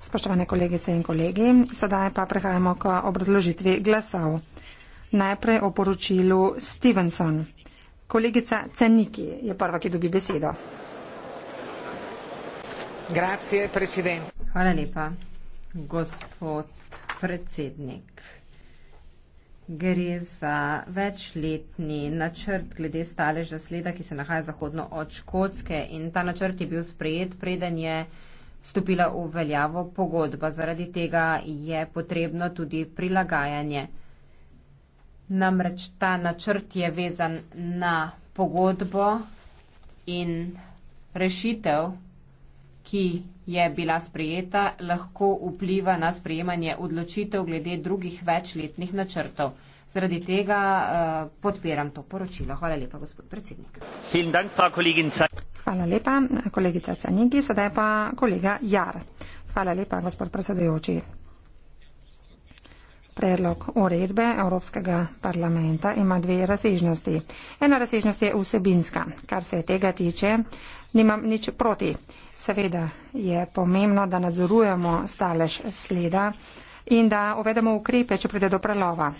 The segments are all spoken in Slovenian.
Spoštovane kolegice in kolegi, sedaj pa prehajamo k obrazložitvi glasov. Najprej o poročilu Stevenson. Kolegica Ceniki je prva, ki dobi besedo. Hvala lepa, gospod predsednik. Gre za večletni načrt glede staleža sleda, ki se nahaja zahodno od Škotske in ta načrt je bil sprejet, preden je stopila v veljavo pogodba. Zaradi tega je potrebno tudi prilagajanje. Namreč ta načrt je vezan na pogodbo in rešitev, ki je bila sprejeta, lahko vpliva na sprejemanje odločitev glede drugih večletnih načrtov. Zaradi tega uh, podpiram to poročilo. Hvala lepa, gospod predsednik. Hvala lepa, kolegica Canigi, sedaj pa kolega Jar. Hvala lepa, gospod predsedujoči. Predlog uredbe Evropskega parlamenta ima dve razsežnosti. Ena razsežnost je vsebinska, kar se tega tiče. Uh, nimam nič proti. Seveda je pomembno, da nadzorujemo stalež sleda in da uvedemo ukrepe, če pride do prelova.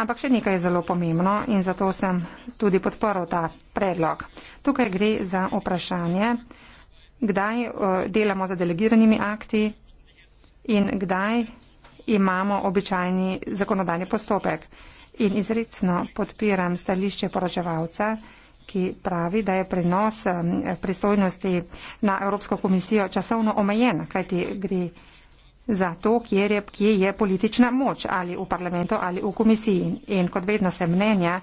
Ampak še nekaj je zelo pomembno in zato sem tudi podporil ta predlog. Tukaj gre za vprašanje, kdaj eh, delamo za delegiranimi akti in kdaj imamo običajni zakonodajni postopek. In izredno podpiram stališče poročevalca, ki pravi, da je prenos pristojnosti na Evropsko komisijo časovno omejen, kajti gre za to, kje je, kje je politična moč ali v parlamentu ali v komisiji. In kot vedno se mnenja,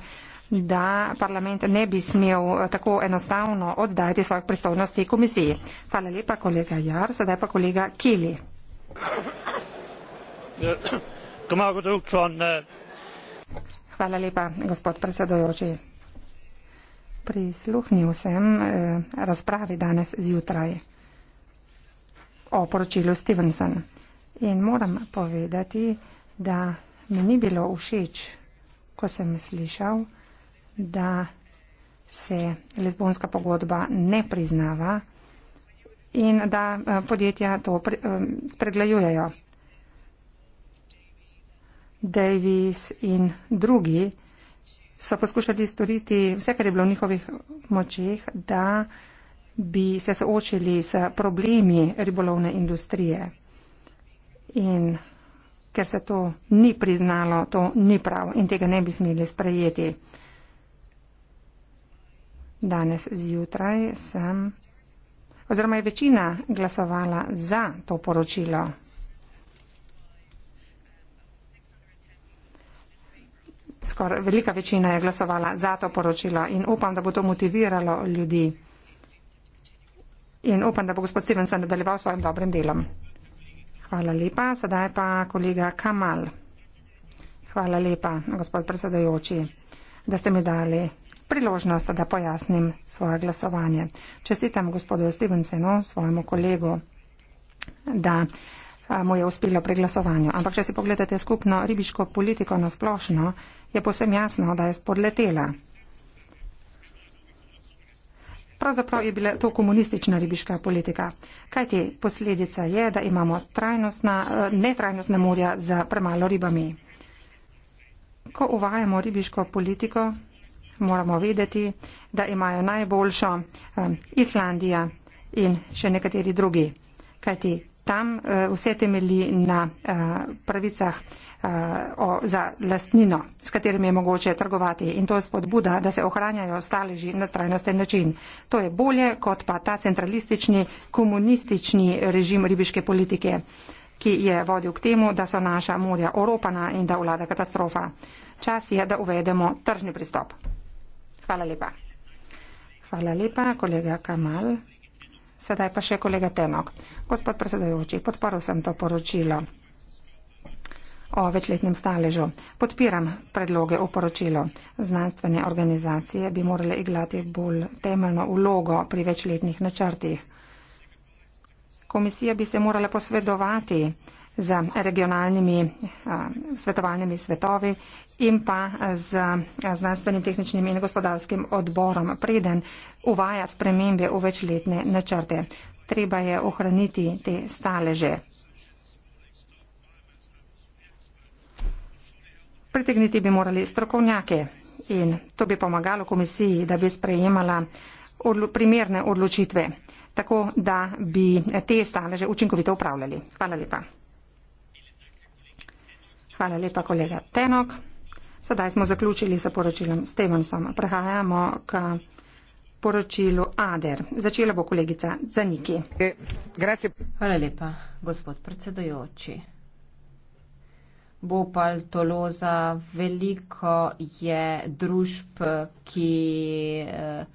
da parlament ne bi smel eh, tako enostavno oddajati svojih pristojnosti komisiji. Hvala lepa, kolega Jar, sedaj pa kolega Kili. Eh, Hvala lepa, gospod predsedojoči prisluhnil sem eh, razpravi danes zjutraj o poročilu Stevenson. In moram povedati, da mi ni bilo všeč, ko sem slišal, da se lezbonska pogodba ne priznava in da eh, podjetja to eh, spregledujejo. Davis in drugi so poskušali storiti vse, kar je bilo v njihovih močeh, da bi se soočili s problemi ribolovne industrije. In ker se to ni priznalo, to ni prav in tega ne bi smeli sprejeti. Danes zjutraj sem, oziroma je večina glasovala za to poročilo. skor, velika večina je glasovala za to poročilo in upam, da bo to motiviralo ljudi. In upam, da bo gospod Stevenson nadaljeval svojim dobrim delom. Hvala lepa. Sedaj pa kolega Kamal. Hvala lepa, gospod predsedajoči, da ste mi dali priložnost, da pojasnim svoje glasovanje. Čestitam gospodu Stevensonu, svojemu kolegu, da mu je uspelo pri glasovanju. Ampak če si pogledate skupno ribiško politiko na splošno, je posem jasno, da je spodletela. Pravzaprav je bila to komunistična ribiška politika. Kaj ti posledica je, da imamo eh, netrajnostna morja za premalo ribami? Ko uvajamo ribiško politiko, moramo vedeti, da imajo najboljšo eh, Islandija in še nekateri drugi. Kaj ti tam eh, vse temelji na eh, pravicah eh, za lastnino, s katerimi je mogoče trgovati in to je spodbuda, da se ohranjajo staleži na trajnosten način. To je bolje kot pa ta centralistični komunistični režim ribiške politike, ki je vodil k temu, da so naša morja oropana in da vlada katastrofa. Čas je, da uvedemo tržni pristop. Hvala lepa. Hvala lepa, kolega Kamal. Sedaj pa še kolega Tenok. Gospod predsedujoči, podporil sem to poročilo o večletnem staležu. Podpiram predloge v poročilo. Znanstvene organizacije bi morale igrati bolj temeljno vlogo pri večletnih načrtih. Komisija bi se morala posvedovati z regionalnimi a, svetovalnimi svetovi in pa eh, z eh, znanstvenim, tehničnim in gospodarskim odborom, preden uvaja spremembe v večletne načrte. Treba je ohraniti te staleže. Pritegniti bi morali strokovnjake in to bi pomagalo komisiji, da bi sprejemala odlo primerne odločitve, tako da bi te staleže učinkovito upravljali. Hvala lepa. Hvala lepa, kolega Tenok. Sedaj smo zaključili sa poročilom Stevensom. Prehajamo k poročilu Ader. Začela bo kolegica Zaniki. Hvala lepa, gospod predsedojoči. Bopal Toloza, veliko je družb, ki eh,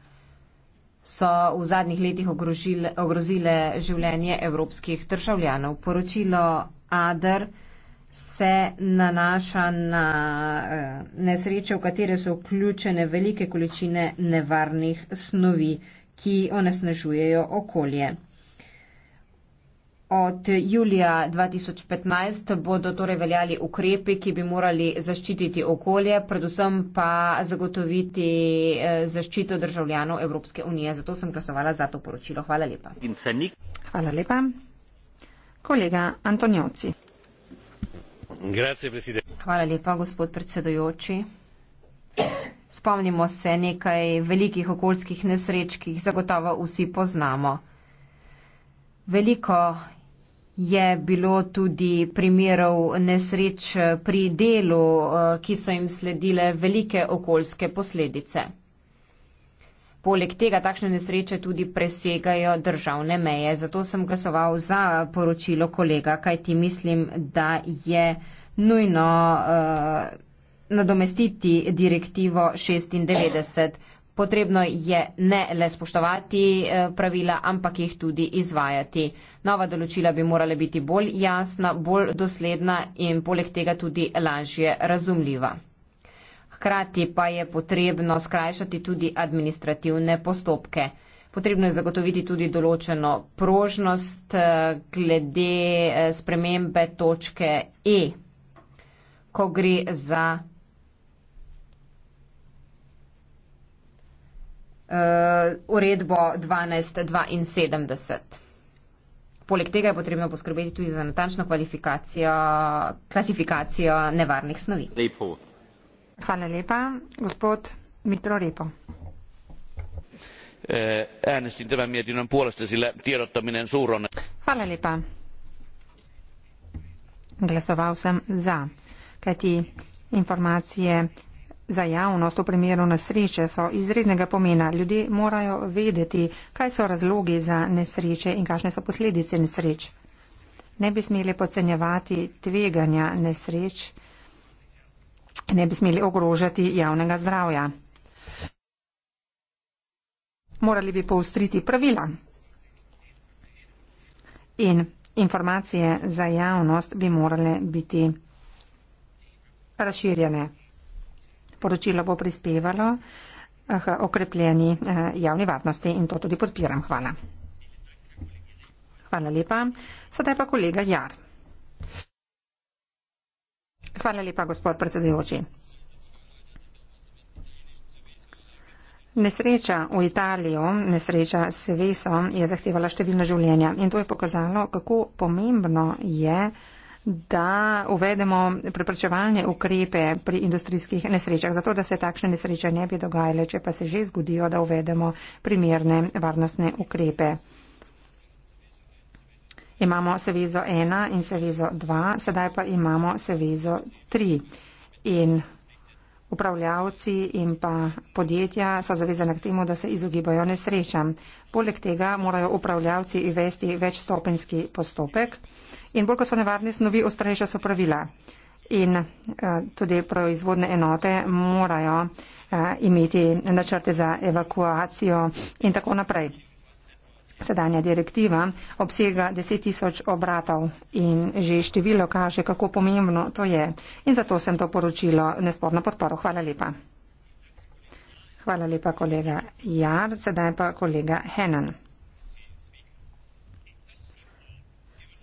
so v zadnjih letih ogrožile, ogrozile življenje evropskih državljanov. Poročilo Ader se nanaša na eh, nesreče, v katere so vključene velike količine nevarnih snovi, ki onesnažujejo okolje. Od julija 2015 bodo torej veljali ukrepi, ki bi morali zaščititi okolje, predvsem pa zagotoviti eh, zaščito državljanov Evropske unije. Zato sem glasovala za to poročilo. Hvala lepa. Hvala lepa. Kolega Antonioci. Hvala lepa, gospod predsedujoči. Spomnimo se nekaj velikih okoljskih nesreč, ki jih zagotovo vsi poznamo. Veliko je bilo tudi primerov nesreč pri delu, eh, ki so jim sledile velike okoljske posledice. Poleg tega takšne nesreče tudi presegajo državne meje. Zato sem glasoval za poročilo kolega, kaj ti mislim, da je nujno uh, nadomestiti direktivo 96. Potrebno je ne le spoštovati eh, pravila, ampak jih tudi izvajati. Nova določila bi morala biti bolj jasna, bolj dosledna in poleg tega tudi lažje razumljiva. Hkrati pa je potrebno skrajšati tudi administrativne postopke. Potrebno je zagotoviti tudi določeno prožnost eh, glede eh, spremembe točke E, ko gre za eh, uredbo 1272. Poleg tega je potrebno poskrbeti tudi za natančno klasifikacijo nevarnih snovi. Lepo. Hvala lepa. Gospod Mitro Repo. Eh, äänestin tämän mietinnön puolesta, sillä tiedottaminen suuron... Hvala lepa. Glasoval sem za, kajti informacije za javnost v primeru nesreče so izrednega pomena. Ljudje morajo vedeti, kaj so razlogi za nesreče in kakšne so posledice nesreč. Ne bi smeli podcenjevati tveganja nesreč ne bi smeli ogrožati javnega zdravja. Morali bi poustriti pravila in informacije za javnost bi morale biti razširjene. Poročilo bo prispevalo eh, k okrepljeni eh, javni varnosti in to tudi podpiram. Hvala. Hvala lepa. Sedaj pa kolega Jar. Hvala lepa, gospod predsedujoči. Nesreča v Italijo, nesreča s Svesom je zahtevala številna življenja in to je pokazalo, kako pomembno je, da uvedemo preprečevalne ukrepe pri industrijskih nesrečah, zato da se takšne nesreče ne bi dogajale, če pa se že zgodijo, da uvedemo primerne varnostne ukrepe. Imamo Sevizo 1 in Sevizo 2, sedaj pa imamo Sevizo 3. In upravljavci in pa podjetja so zavezane k temu, da se izogibajo nesrečam. Poleg tega morajo upravljavci uvesti večstopenski postopek in bolj, ko so nevarni snovi, ostrejša so pravila. In eh, tudi proizvodne enote morajo eh, imeti načrte za evakuacijo in tako naprej. Sedanja direktiva obsega 10 tisoč obratov in že število kaže, kako pomembno to je. In zato sem to poročilo nesporno podporo. Hvala lepa. Hvala lepa, kolega Jar. Sedaj pa kolega Henan.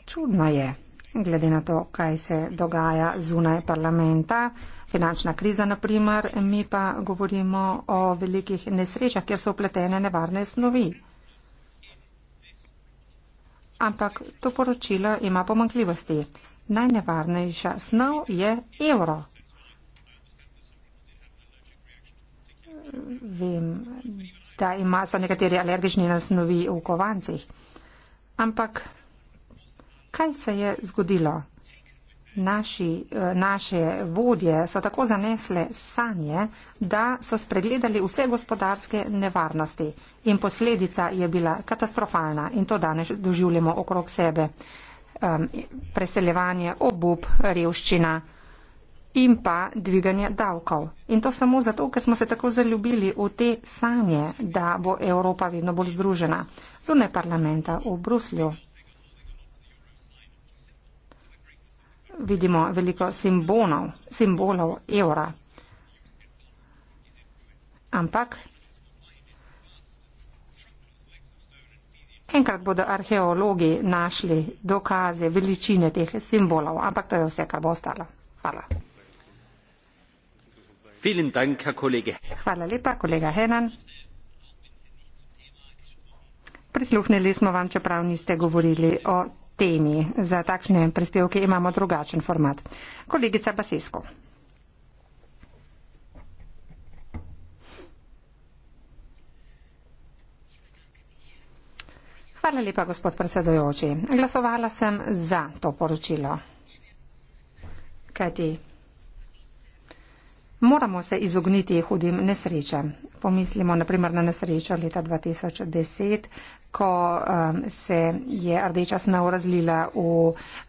Čudno je, glede na to, kaj se dogaja zunaj parlamenta, finančna kriza naprimer, mi pa govorimo o velikih nesrečah, kjer so upletene nevarne snovi ampak to poročilo ima pomankljivosti. Najnevarnejša snov je evro. Vem, da ima so nekateri alergični nasnovi v kovancih. Ampak kaj se je zgodilo? naši, eh, naše vodje so tako zanesle sanje, da so spregledali vse gospodarske nevarnosti in posledica je bila katastrofalna in to danes doživljamo okrog sebe. Um, preseljevanje, obup, revščina in pa dviganje davkov. In to samo zato, ker smo se tako zaljubili v te sanje, da bo Evropa vedno bolj združena. Zunaj parlamenta v Bruslju. vidimo veliko simbolov, simbolov evra. Ampak enkrat bodo arheologi našli dokaze veličine teh simbolov, ampak to je vse, kar bo ostalo. Hvala. Dank, Hvala lepa, kolega Henan. Prisluhnili smo vam, čeprav niste govorili o temi. Za takšne prispevke imamo drugačen format. Kolegica Basesko. Hvala lepa, gospod predsedojoči. Glasovala sem za to poročilo. Kajti Moramo se izogniti hudim nesrečam. Pomislimo naprimer na nesrečo leta 2010, ko um, se je rdeča snov razlila v,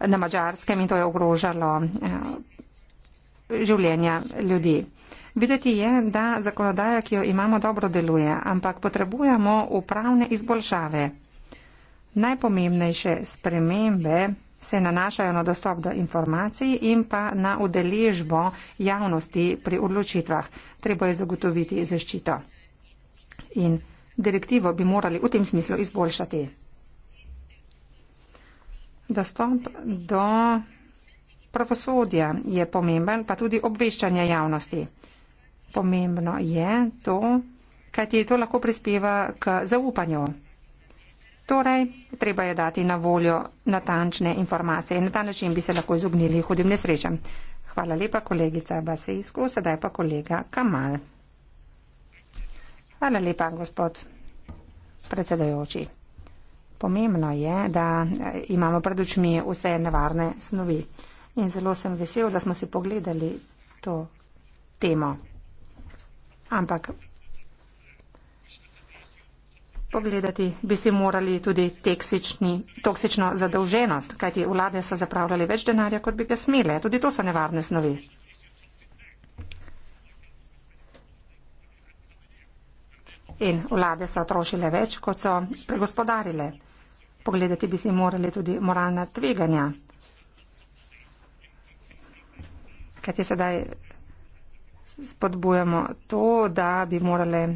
na mačarskem in to je ogrožalo uh, življenja ljudi. Videti je, da zakonodaja, ki jo imamo, dobro deluje, ampak potrebujemo upravne izboljšave. Najpomembnejše spremembe se nanašajo na dostop do informacij in pa na udeležbo javnosti pri odločitvah. Treba je zagotoviti zaščito. In direktivo bi morali v tem smislu izboljšati. Dostop do pravosodja je pomemben, pa tudi obveščanje javnosti. Pomembno je to, kajti to lahko prispeva k zaupanju. Torej, treba je dati na voljo natančne informacije in na ta način bi se lahko izognili hudim nesrečam. Hvala lepa, kolegica Basejsko, sedaj pa kolega Kamal. Hvala lepa, gospod predsedajoči. Pomembno je, da eh, imamo pred očmi vse nevarne snovi. In zelo sem vesel, da smo si pogledali to temo. Ampak pogledati bi si morali tudi toksično zadolženost, kajti vlade so zapravljali več denarja, kot bi ga smele. Tudi to so nevarne snovi. In vlade so trošile več, kot so pregospodarile. Pogledati bi si morali tudi moralna tveganja. Kajti sedaj spodbujamo to, da bi morale eh,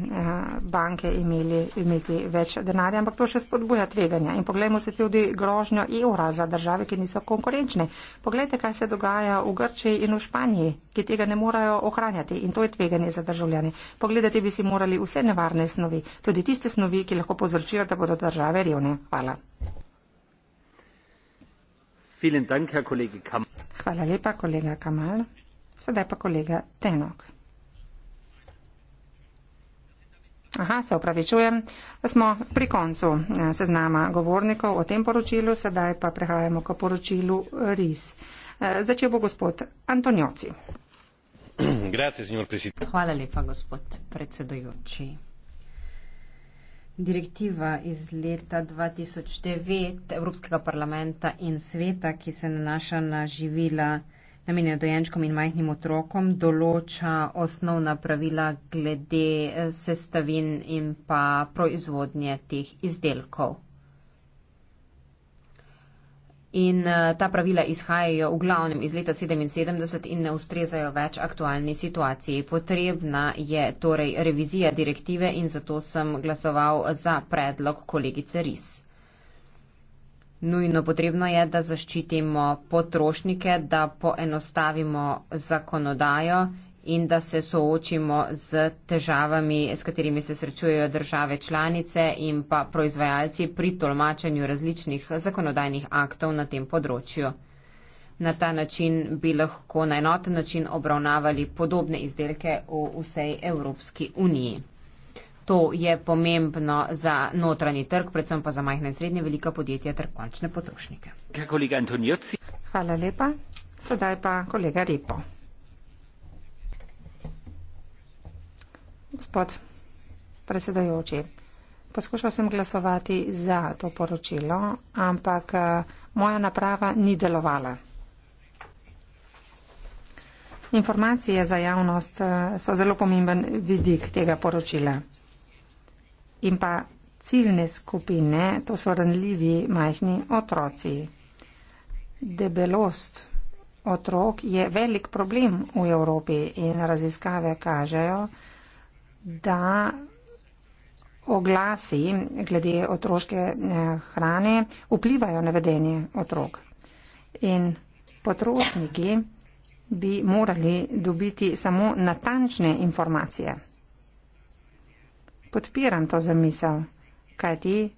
banke imeli, imeti več denarja, ampak to še spodbuja tveganja. In poglejmo se tudi grožnjo evra za države, ki niso konkurenčne. Poglejte, kaj se dogaja v Grčiji in v Španiji, ki tega ne morajo ohranjati in to je tveganje za državljane. Pogledati bi si morali vse nevarne snovi, tudi tiste snovi, ki lahko povzročijo, da bodo države revne. Hvala. Hvala lepa, kolega Kamal. Sedaj pa kolega Tenok. Aha, se upravičujem, smo pri koncu eh, seznama govornikov o tem poročilu, sedaj pa prehajamo k poročilu RIS. Eh, začel bo gospod Antonioci. Hvala lepa, gospod predsedojoči. Direktiva iz leta 2009 Evropskega parlamenta in sveta, ki se nanaša na živila namenjen dojenčkom in majhnim otrokom, določa osnovna pravila glede eh, sestavin in pa proizvodnje teh izdelkov. In eh, ta pravila izhajajo v glavnem iz leta 77 in ne ustrezajo več aktualni situaciji. Potrebna je torej revizija direktive in zato sem glasoval za predlog kolegice Ris. Nujno potrebno je, da zaščitimo potrošnike, da poenostavimo zakonodajo in da se soočimo z težavami, s katerimi se srečujejo države članice in pa proizvajalci pri tolmačenju različnih zakonodajnih aktov na tem področju. Na ta način bi lahko na enoten način obravnavali podobne izdelke v vsej Evropski uniji. To je pomembno za notranji trg, predvsem pa za majhne in srednje velika podjetja ter končne potrošnike. Hvala lepa. Sedaj pa kolega Repo. Gospod predsedajoči, poskušal sem glasovati za to poročilo, ampak eh, moja naprava ni delovala. Informacije za javnost eh, so zelo pomemben vidik tega poročila in pa ciljne skupine, to so ranljivi majhni otroci. Debelost otrok je velik problem v Evropi in raziskave kažejo, da oglasi glede otroške eh, hrane vplivajo na vedenje otrok. In potrošniki bi morali dobiti samo natančne informacije podpiram to zamisel, kajti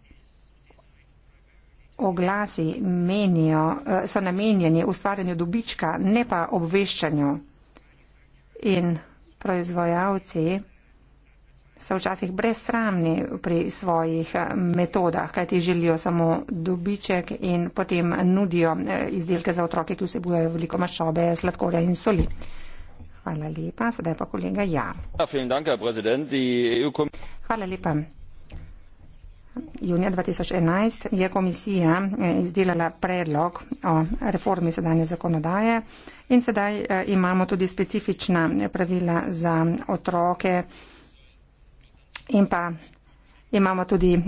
oglasi menijo, eh, so namenjeni ustvarjanju dobička, ne pa obveščanju. In proizvajalci so včasih brezsramni pri svojih eh, metodah, kajti želijo samo dobiček in potem nudijo eh, izdelke za otroke, ki vsebujejo veliko maščobe, sladkorja in soli. Hvala lepa. Sedaj pa kolega Jar. Ja, e Hvala lepa. Junija 2011 je komisija eh, izdelala predlog o reformi sedanje zakonodaje in sedaj eh, imamo tudi specifična pravila za otroke in pa imamo tudi eh,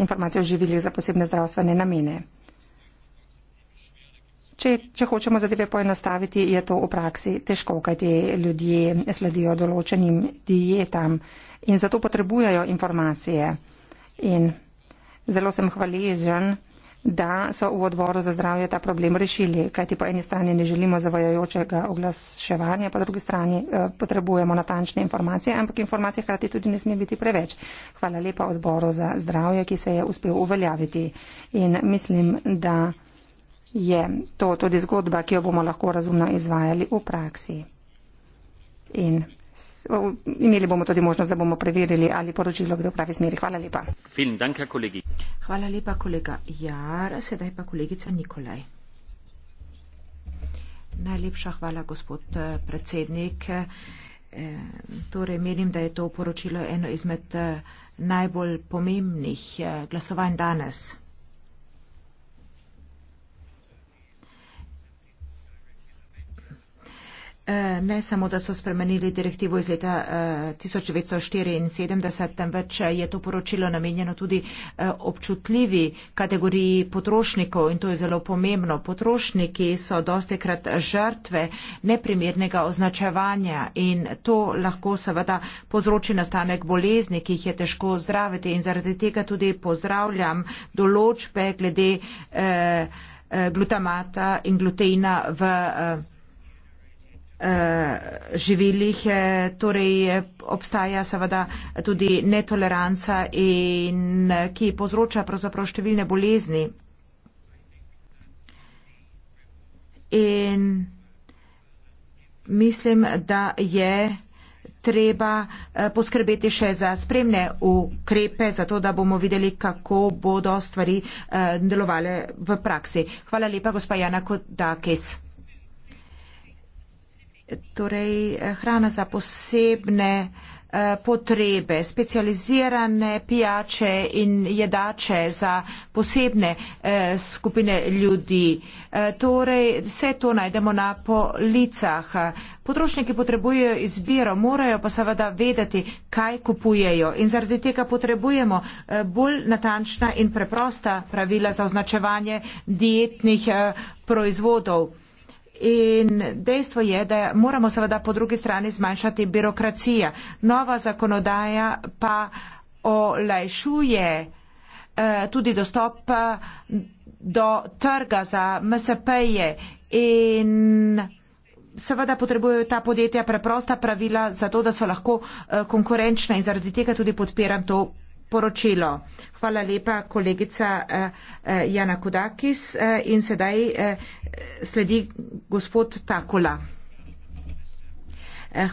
informacije o živilih za posebne zdravstvene namene če, če hočemo zadeve poenostaviti, je to v praksi težko, kaj ti ljudje sledijo določenim dietam in zato potrebujajo informacije. In zelo sem hvaležen, da so v odboru za zdravje ta problem rešili, kaj ti po eni strani ne želimo zavajajočega oglaševanja, po drugi strani eh, potrebujemo natančne informacije, ampak informacije hkrati tudi ne sme biti preveč. Hvala lepa odboru za zdravje, ki se je uspel uveljaviti. In mislim, da je to tudi zgodba, ki jo bomo lahko razumno izvajali v praksi. In imeli bomo tudi možnost, da bomo preverili, ali poročilo gre v pravi smeri. Hvala lepa. Danke, Hvala lepa, kolega Jar, sedaj pa kolegica Nikolaj. Najlepša hvala, gospod eh, predsednik. Eh, torej, menim, da je to poročilo eno izmed eh, najbolj pomembnih glasovanj danes. Eh, ne samo, da so spremenili direktivo iz leta 1974, eh, temveč je to poročilo namenjeno tudi eh, občutljivi kategoriji potrošnikov in to je zelo pomembno. Potrošniki so dostekrat žrtve neprimernega označevanja in to lahko seveda povzroči nastanek bolezni, ki jih je težko zdraviti in zaradi tega tudi pozdravljam določbe glede glutamata in gluteina v Eh, živilih. Eh, torej eh, obstaja seveda tudi netoleranca, in, ki povzroča pravzaprav številne bolezni. In mislim, da je treba poskrbeti še za spremne ukrepe, zato da bomo videli, kako bodo stvari delovale v praksi. Hvala lepa, gospa Jana Kodakis torej eh, hrana za posebne eh, potrebe, specializirane pijače in jedače za posebne eh, skupine ljudi. Torej, vse to najdemo na policah. Potrošniki potrebujejo izbiro, morajo pa seveda vedeti, kaj kupujejo in zaradi tega potrebujemo bolj natančna in preprosta pravila za označevanje dietnih proizvodov. In dejstvo je, da moramo seveda po drugi strani zmanjšati birokracijo. Nova zakonodaja pa olajšuje eh, tudi dostop eh, do trga za MSP-je in seveda potrebujejo ta podjetja preprosta pravila za to, da so lahko eh, konkurenčna in zaradi tega tudi podpiram to poročilo. Hvala lepa, kolegica eh, eh, Jana Kudakis. Eh, in sedaj sledi gospod Takula.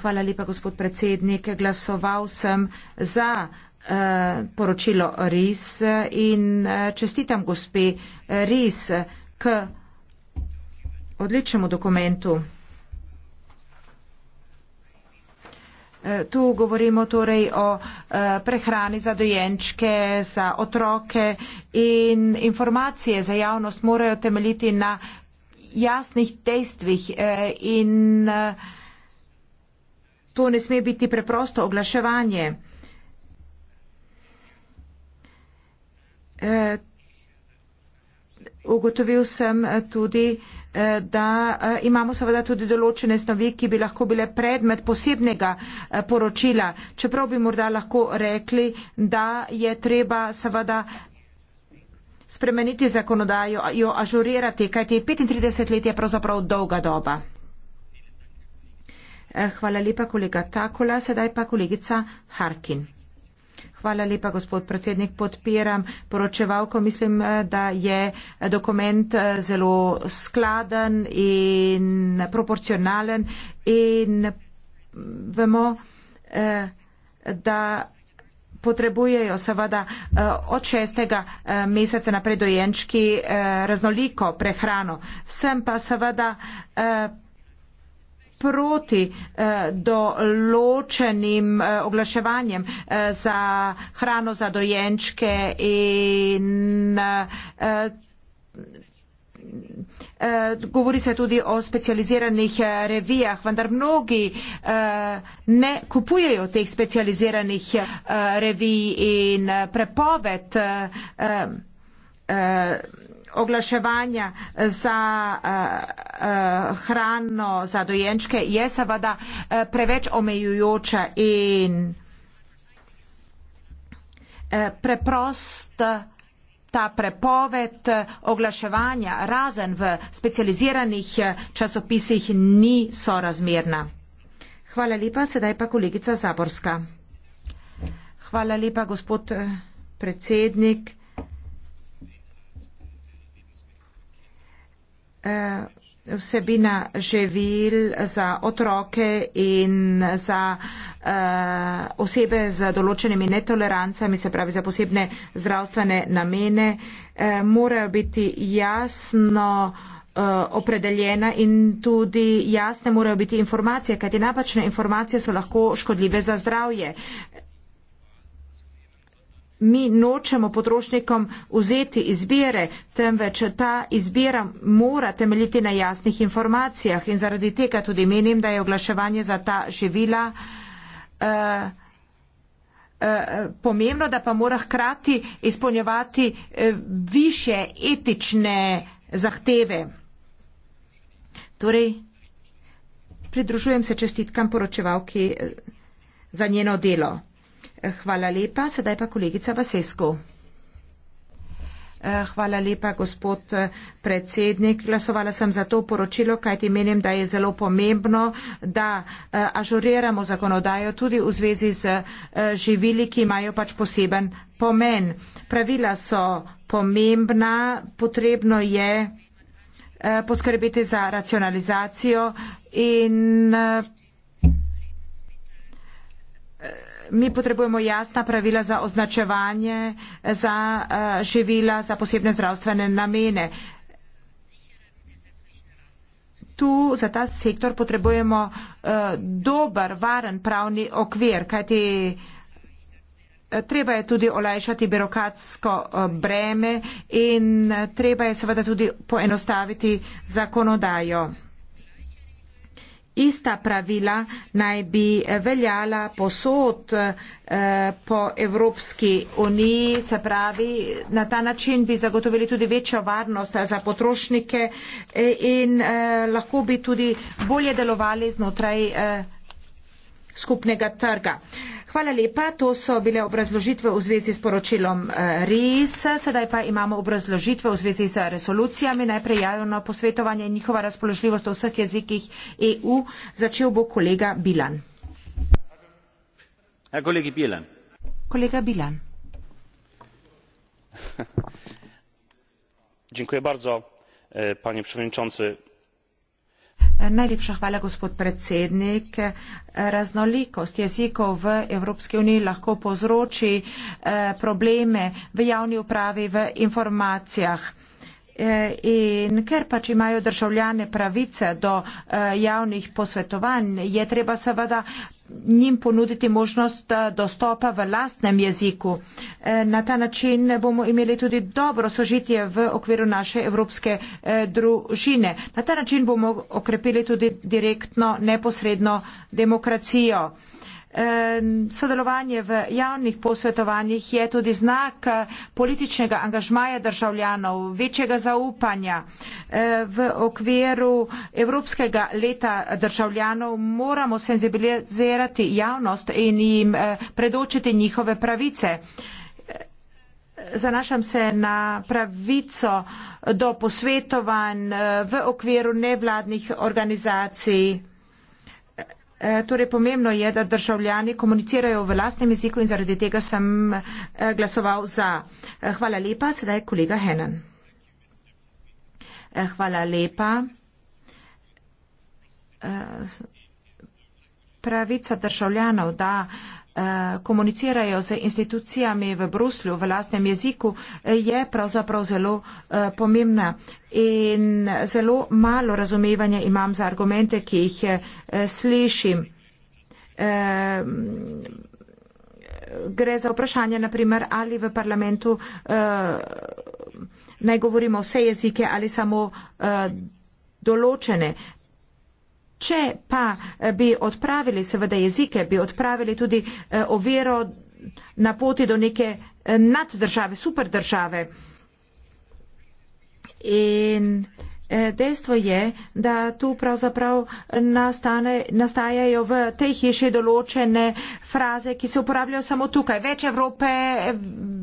Hvala lepa, gospod predsednik. Glasoval sem za poročilo RIS in čestitam gospe RIS k odličnemu dokumentu. Eh, tu govorimo torej o eh, prehrani za dojenčke, za otroke in informacije za javnost morajo temeljiti na jasnih dejstvih eh, in to ne sme biti preprosto oglaševanje. Ugotovil sem tudi, Eh, da eh, imamo seveda tudi določene snovi, ki bi lahko bile predmet posebnega eh, poročila. Čeprav bi morda lahko rekli, da je treba seveda spremeniti zakonodajo, jo ažurirati, kajti 35 let je pravzaprav dolga doba. Hvala lepa kolega Takola, sedaj pa kolegica Harkin. Hvala lepa, gospod predsednik. Podpiram poročevalko. Mislim, eh, da je eh, dokument eh, zelo skladen in proporcionalen in mm, vemo, da potrebujejo seveda od šestega meseca naprej dojenčki raznoliko prehrano. Sem pa seveda proti eh, določenim eh, oglaševanjem eh, za hrano za dojenčke in Govori se tudi o specializiranih revijah, vendar mnogi ne kupujejo teh specializiranih revij in prepoved oglaševanja za eh, eh, hrano za dojenčke je seveda eh, preveč omejujoča in preprost ta prepoved oglaševanja razen v specializiranih časopisih ni sorazmerna. Hvala lepa, sedaj pa kolegica Zaborska. Hvala lepa, gospod predsednik. Eh, vsebina živil za otroke in za uh, osebe z določenimi netolerancami, se pravi za posebne zdravstvene namene, uh, morajo biti jasno uh, opredeljena in tudi jasne morajo biti informacije, kajti napačne informacije so lahko škodljive za zdravje mi nočemo potrošnikom vzeti izbire, temveč ta izbira mora temeljiti na jasnih informacijah in zaradi tega tudi menim, da je oglaševanje za ta živila eh, eh, pomembno, da pa mora hkrati izpolnjevati eh, više etične zahteve. Torej, pridružujem se čestitkam poročevalki za njeno delo hvala lepa. Sedaj pa kolegica Vasesko. Eh, hvala lepa, gospod eh, predsednik. Glasovala sem za to poročilo, kajti menim, da je zelo pomembno, da eh, ažuriramo zakonodajo tudi v zvezi z živili, ki imajo pač poseben pomen. Pravila so pomembna, potrebno je poskrbeti za racionalizacijo in mi potrebujemo jasna pravila za označevanje za eh, živila za posebne zdravstvene namene. Tu za ta sektor potrebujemo eh, dober, varen pravni okvir, kajti eh, treba je tudi olajšati birokratsko breme in treba je seveda tudi poenostaviti zakonodajo. Ista pravila naj bi veljala posod eh, po Evropski uniji, se pravi, na ta način bi zagotovili tudi večjo varnost za potrošnike eh, in eh, lahko bi tudi bolje delovali znotraj eh, skupnega trga. Eh, Hvala lepa, to so bile obrazložitve v zvezi s poročilom eh, RIS. Sedaj pa imamo obrazložitve v zvezi z resolucijami. Najprej javno posvetovanje in njihova razpoložljivost v vseh jezikih EU. Začel bo kolega Bilan. Ja, kolegi Bilan. Kolega Bilan. Dziękuję bardzo, e, panie przewodniczący. Najlepša hvala, gospod predsednik. Raznolikost jezikov v Evropski uniji lahko povzroči eh, probleme v javni upravi, v informacijah. Eh, in ker pač imajo državljane pravice do eh, javnih posvetovanj, je treba seveda njim ponuditi možnost eh, dostopa v lastnem jeziku. Eh, na ta način bomo imeli tudi dobro sožitje v okviru naše evropske eh, družine. Na ta način bomo okrepili tudi direktno, neposredno demokracijo sodelovanje v javnih posvetovanjih je tudi znak eh, političnega angažmaja državljanov, večjega zaupanja. Eh, v okviru Evropskega leta državljanov moramo senzibilizirati javnost in jim eh, predočiti njihove pravice. Zanašam se na pravico do posvetovanj v okviru nevladnih organizacij. Eh, torej, pomembno je, da državljani komunicirajo v lastnem jeziku in zaradi tega sem eh, glasoval za. Eh, hvala lepa, sedaj kolega Henan. Hvala lepa. Pravica državljanov, da Eh, komunicirajo z institucijami v Bruslju v lastnem jeziku, je pravzaprav zelo eh, pomembna. In zelo malo razumevanja imam za argumente, ki jih eh, slišim. Gre za vprašanje, naprimer, ali v parlamentu naj govorimo vse jezike ali samo določene. Če pa eh, bi odpravili seveda jezike, bi odpravili tudi eh, oviro na poti do neke eh, naddržave, superdržave. In Eh, dejstvo je, da tu pravzaprav nastane, nastajajo v tej hiši določene fraze, ki se uporabljajo samo tukaj. Več Evrope,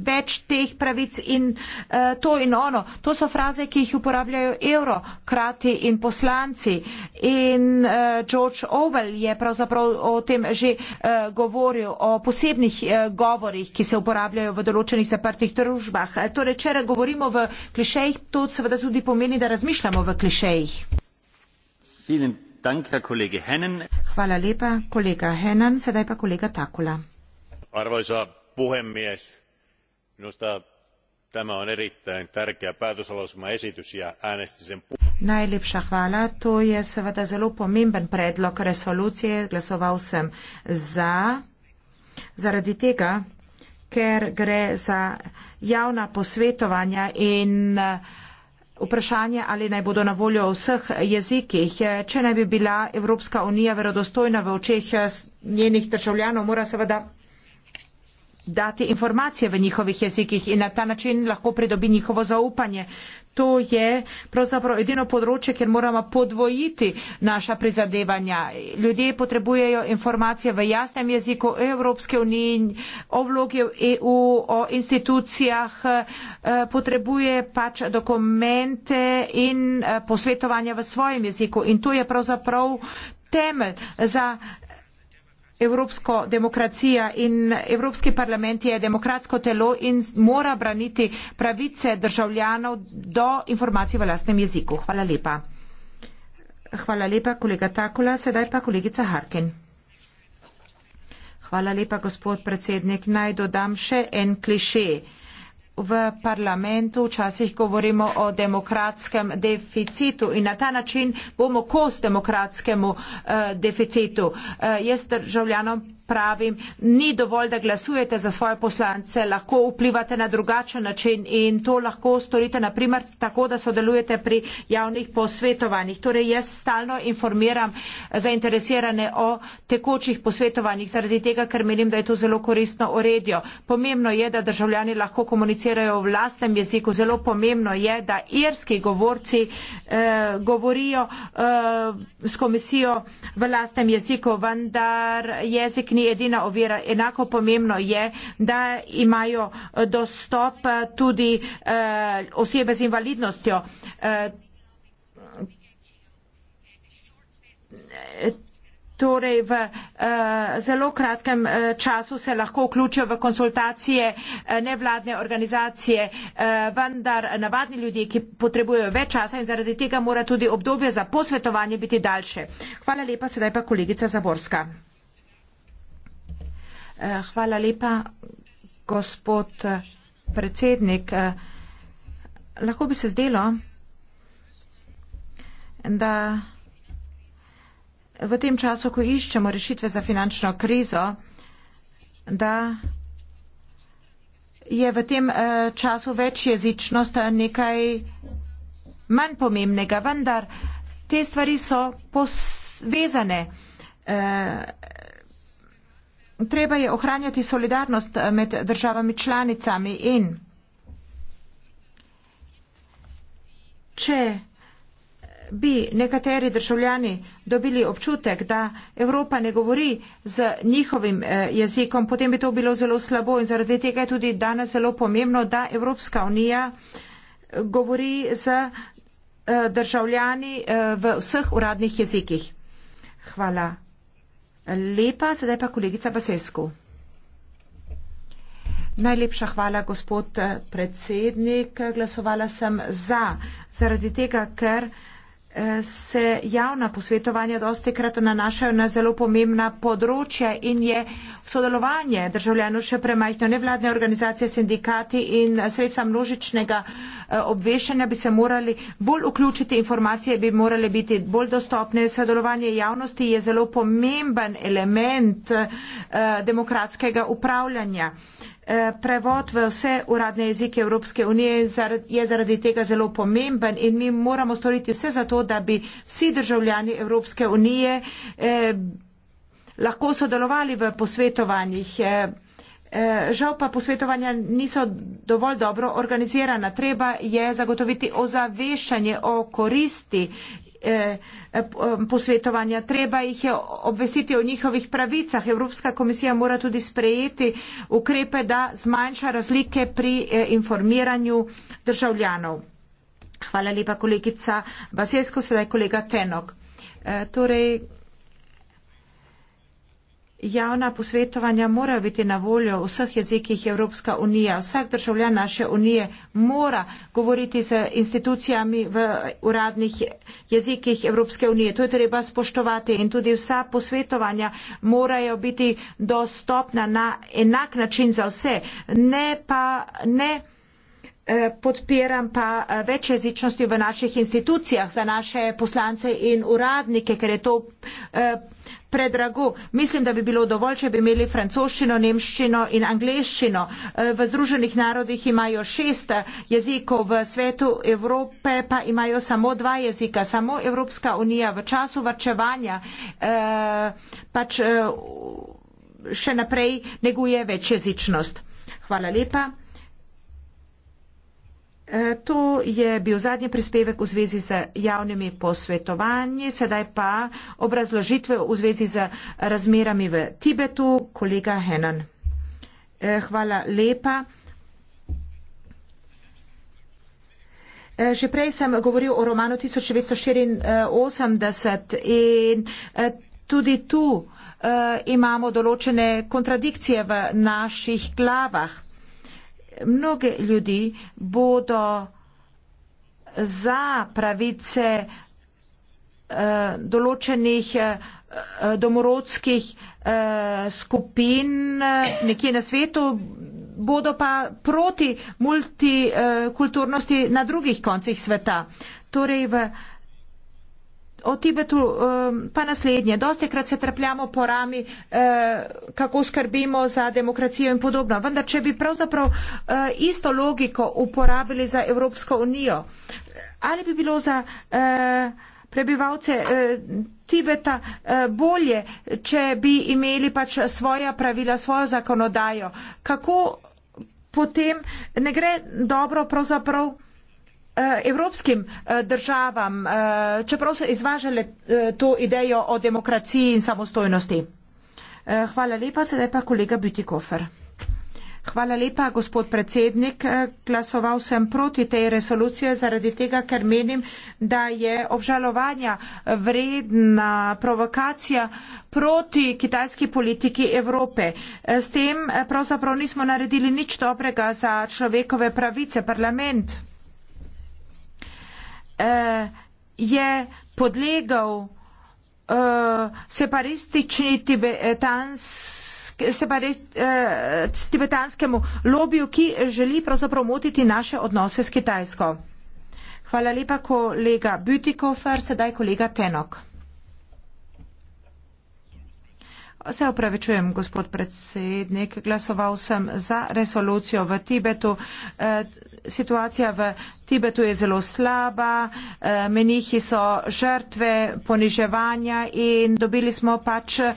več teh pravic in uh, to in ono. To so fraze, ki jih uporabljajo eurokrati in poslanci. In uh, George Orwell je pravzaprav o tem že uh, govoril, o posebnih uh, govorih, ki se uporabljajo v določenih zaprtih družbah. Uh, torej, če govorimo v klišejih, to seveda tudi pomeni, da razmišljamo delamo v klišejih. Hvala lepa, kolega Hennan, sedaj pa kolega Takula. Arvoisa puhemies, minusta tämä on erittäin tärkeä päätöslausuma esitys ja äänestin sen pu- Najlepša hvala, to je seveda zelo pomemben predlog resolucije, glasoval sem za, zaradi tega, ker gre za javna posvetovanja in uh, Vprašanje, ali naj bodo na voljo vseh jezikih, če ne bi bila Evropska unija verodostojna v očeh njenih državljanov, mora seveda dati informacije v njihovih jezikih in na ta način lahko pridobi njihovo zaupanje. To je pravzaprav edino področje, kjer moramo podvojiti naša prizadevanja. Ljudje potrebujejo informacije v jasnem jeziku o Evropske unije, o vlogi v e EU, o institucijah, eh, potrebuje pač dokumente in eh, posvetovanja v svojem jeziku. In to je pravzaprav temelj za evropsko demokracija in Evropski parlament je demokratsko telo in mora braniti pravice državljanov do informacij v lastnem jeziku. Hvala lepa. Hvala lepa, kolega Takula. Sedaj pa kolegica Harkin. Hvala lepa, gospod predsednik. Naj dodam še en klišej v parlamentu včasih govorimo o demokratskem deficitu in na ta način bomo kos demokratskemu uh, deficitu. Uh, jaz državljanom pravim, ni dovolj, da glasujete za svoje poslance, lahko vplivate na drugačen način in to lahko storite, naprimer, tako, da sodelujete pri javnih posvetovanjih. Torej, jaz stalno informiram zainteresirane o tekočih posvetovanjih, zaradi tega, ker menim, da je to zelo koristno uredjo. Pomembno je, da državljani lahko komunicirajo v lastnem jeziku, zelo pomembno je, da irski govorci eh, govorijo eh, s komisijo v lastnem jeziku, vendar jezik ni edina ovira. Enako pomembno je, da imajo eh, dostop eh, tudi eh, osebe z invalidnostjo. Torej, v uh, zelo kratkem uh, času se lahko vključijo v konsultacije uh, nevladne organizacije, uh, vendar navadni ljudje, ki potrebujejo več časa in zaradi tega mora tudi obdobje za posvetovanje biti daljše. Hvala lepa, sedaj pa kolegica Zaborska. Eh, hvala lepa, gospod eh, predsednik. Eh, lahko bi se zdelo, da v tem času, ko iščemo rešitve za finančno krizo, da je v tem času večjezičnost nekaj manj pomembnega, vendar te stvari so posvezane treba je ohranjati solidarnost eh, med državami članicami in če bi nekateri državljani dobili občutek, da Evropa ne govori z njihovim eh, jezikom, potem bi to bilo zelo slabo in zaradi tega je tudi danes zelo pomembno, da Evropska unija eh, govori z državljani v vseh uradnih jezikih. Hvala. Lepa, sedaj pa kolegica Basesku. Najlepša hvala, gospod eh, predsednik. Glasovala sem za, zaradi tega, ker se javna posvetovanja dosti krat nanašajo na zelo pomembna področja in je sodelovanje državljanov še premajhno. Nevladne organizacije, sindikati in sredstva množičnega eh, obveščanja bi se morali bolj vključiti, informacije bi morale biti bolj dostopne. Sodelovanje javnosti je zelo pomemben element eh, demokratskega upravljanja. Eh, prevod v vse uradne jezike Evropske unije je zaradi tega zelo pomemben in mi moramo storiti vse za to, da bi vsi državljani Evropske unije eh, lahko sodelovali v posvetovanjih. Eh, eh žal pa posvetovanja niso dovolj dobro organizirana. Treba je zagotoviti ozaveščanje o koristi Eh, posvetovanja. Treba jih je obvestiti o njihovih pravicah. Evropska komisija mora tudi sprejeti ukrepe, da zmanjša razlike pri eh, informiranju državljanov. Hvala lepa, kolegica Basesko, sedaj kolega Tenok. Eh, torej, javna posvetovanja morajo biti na voljo v vseh jezikih Evropska unija. Vsak državljan naše unije mora govoriti z institucijami v uradnih jezikih Evropske unije. To je treba spoštovati in tudi vsa posvetovanja morajo biti dostopna na enak način za vse. Ne pa ne. Eh, podpiram pa eh, več jezičnosti v naših institucijah za naše poslance in uradnike, ker je to eh, predrago. Mislim, da bi bilo dovolj, če bi imeli francoščino, nemščino in angliščino. V Združenih narodih imajo šest jezikov, v svetu Evrope pa imajo samo dva jezika. Samo Evropska unija v času vrčevanja pač še naprej neguje več jezičnost. Hvala lepa. E, to je bil zadnji prispevek v zvezi z javnimi posvetovanji, sedaj pa obrazložitve v zvezi z razmerami v Tibetu, kolega Henan. E, hvala lepa. E, že prej sem govoril o romanu 1984 in tudi tu imamo določene kontradikcije v naših glavah mnoge ljudi bodo za pravice eh, določenih eh, domorodskih eh, skupin nekje na svetu, bodo pa proti multikulturnosti na drugih koncih sveta. Torej v o Tibetu pa naslednje. Dosti krat se trpljamo po rami, eh, kako skrbimo za demokracijo in podobno. Vendar, če bi pravzaprav eh, isto logiko uporabili za Evropsko unijo, ali bi bilo za eh, prebivalce Tibeta bolje, če bi imeli pač svoja pravila, svojo zakonodajo? Kako potem ne gre dobro pravzaprav? Eh, evropskim eh, državam, eh, čeprav so izvažale to idejo o demokraciji in samostojnosti. Hvala lepa, sedaj pa kolega Bütikofer. Hvala lepa, gospod predsednik. Glasoval sem proti tej resoluciji zaradi tega, ker menim, da je obžalovanja vredna provokacija proti kitajski politiki Evrope. S tem pravzaprav nismo naredili nič dobrega za človekove pravice. Parlament eh, je podlegal eh, separistični tibetans, separist, eh, tibetanskemu lobiju, ki želi pravzaprav motiti naše odnose s Kitajsko. Hvala lepa kolega Butikofer, sedaj kolega Tenok. Se opravičujem, gospod predsednik, glasoval sem za resolucijo v Tibetu. Eh, situacija v Tibetu je zelo slaba, eh, menihi so žrtve poniževanja in dobili smo pač eh,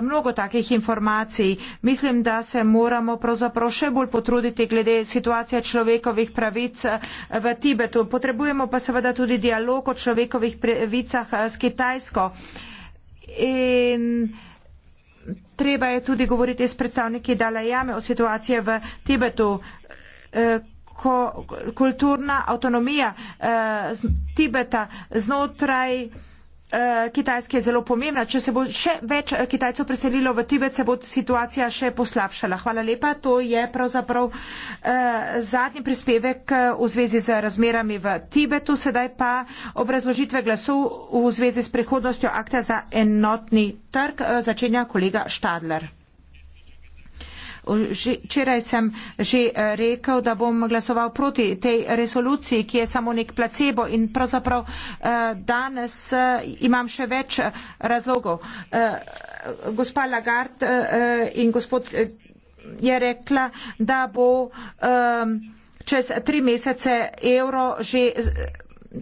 mnogo takih informacij. Mislim, da se moramo pravzaprav še bolj potruditi glede situacije človekovih pravic eh, v Tibetu. Potrebujemo pa seveda tudi dialog o človekovih pravicah s Kitajsko. In treba je tudi govoriti s predstavniki Dalajame o situaciji v Tibetu ko, kulturna avtonomija eh, Tibeta znotraj eh, Kitajske je zelo pomembna. Če se bo še več eh, Kitajcev preselilo v Tibet, se bo situacija še poslabšala. Hvala lepa. To je pravzaprav eh, zadnji prispevek eh, v zvezi z razmerami v Tibetu. Sedaj pa obrazložitve glasov v zvezi s prihodnostjo akta za enotni trg eh, začenja kolega Štadler včeraj sem že eh, rekel, da bom glasoval proti tej resoluciji, ki je samo nek placebo in pravzaprav eh, danes eh, imam še več razlogov. Gospa Lagarde in gospod je rekla, da bo ehm, čez tri mesece evro že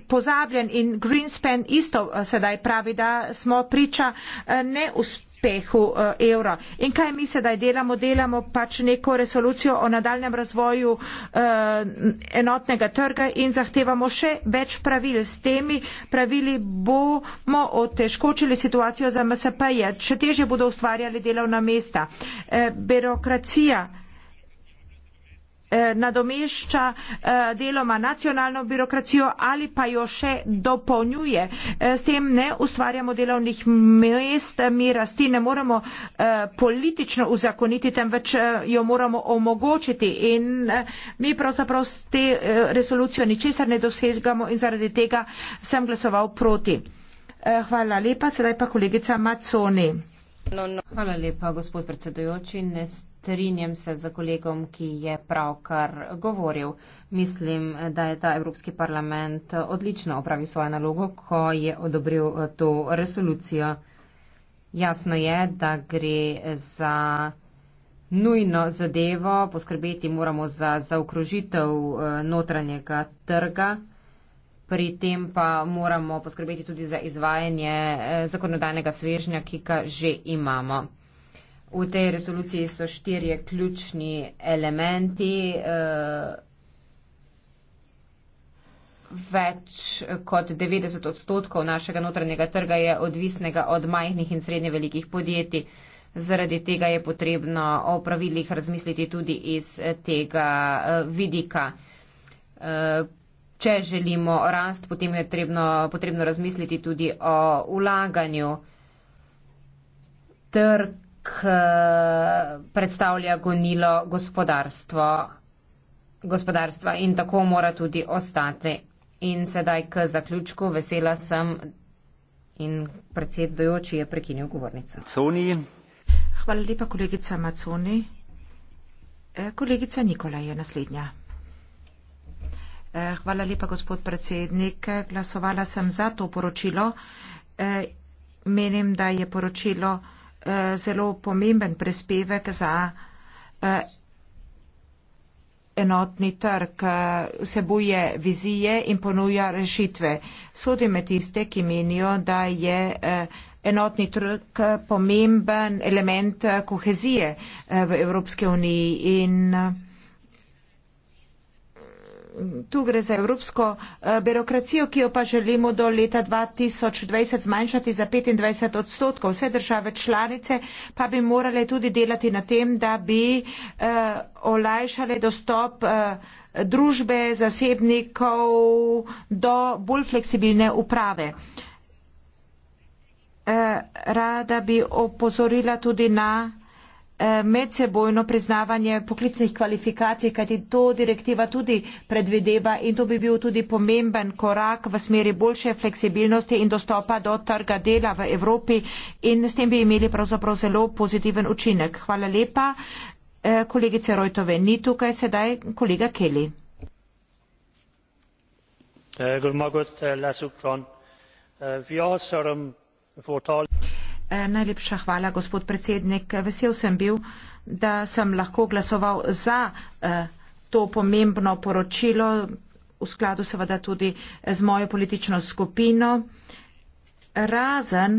pozabljen in Greenspan isto sedaj pravi, da smo priča neuspešnosti uspehu eh, evra. In kaj mi sedaj delamo? Delamo pač neko resolucijo o nadaljem razvoju eh, enotnega trga in zahtevamo še več pravil. S temi pravili bomo otežkočili situacijo za MSP-je. Še teže bodo ustvarjali delovna mesta. Eh, birokracija Eh, nadomešča eh, deloma nacionalno birokracijo ali pa jo še dopolnjuje. Eh, s tem ne ustvarjamo delovnih mest, mi rasti ne moramo politično uzakoniti, temveč jo moramo omogočiti in mi pravzaprav s te resolucijo ničesar ne dosežgamo in zaradi tega sem glasoval proti. Hvala lepa, sedaj pa kolegica Maconi. No, no. Hvala lepa, gospod predsedujoči. Ne ste... Strinjam se z kolegom, ki je pravkar govoril. Mislim, da je ta Evropski parlament odlično opravil svojo nalogo, ko je odobril eh, to resolucijo. Jasno je, da gre za nujno zadevo, poskrbeti moramo za zaokrožitev eh, notranjega trga, pri tem pa moramo poskrbeti tudi za izvajanje eh, zakonodajnega svežnja, ki ga že imamo. V tej resoluciji so štirje ključni elementi. Eh, več kot 90 odstotkov našega notranjega trga je odvisnega od majhnih in srednje velikih podjetij. Zaradi tega je potrebno o pravilih razmisliti tudi iz tega eh, vidika. Eh, če želimo rast, potem je trebno, potrebno razmisliti tudi o ulaganju. Trg uh, predstavlja gonilo gospodarstvo, gospodarstva in tako mora tudi ostati. In sedaj k zaključku vesela sem in predsedujoči je prekinil govornico. Coni. Hvala lepa, kolegica Maconi. E, kolegica Nikola je naslednja. E, hvala lepa, gospod predsednik. Glasovala sem za to poročilo. E, menim, da je poročilo. Eh, zelo pomemben prispevek za eh, enotni trg, eh, vseboje vizije in ponuja rešitve. Sodi med tiste, ki menijo, da je enotni trg pomemben element kohezije v Evropske uniji in tu gre za evropsko eh, birokracijo, ki jo pa želimo do leta 2020 zmanjšati za 25 odstotkov. Vse države članice pa bi morale tudi delati na tem, da bi eh, olajšale dostop eh, družbe zasebnikov do bolj fleksibilne uprave. Rada bi opozorila tudi na Eh, medsebojno priznavanje poklicnih kvalifikacij, kajti to direktiva tudi predvideva in to bi bil tudi pomemben korak v smeri boljše fleksibilnosti in dostopa do trga dela v Evropi in s tem bi imeli pravzaprav zelo pozitiven učinek. Hvala lepa. Eh, kolegice Rojtove, ni tukaj sedaj kolega Keli. Uh, eh, Eh, najlepša hvala, gospod predsednik. Vesel sem bil, da sem lahko glasoval za eh, to pomembno poročilo, v skladu seveda tudi z mojo politično skupino. Razen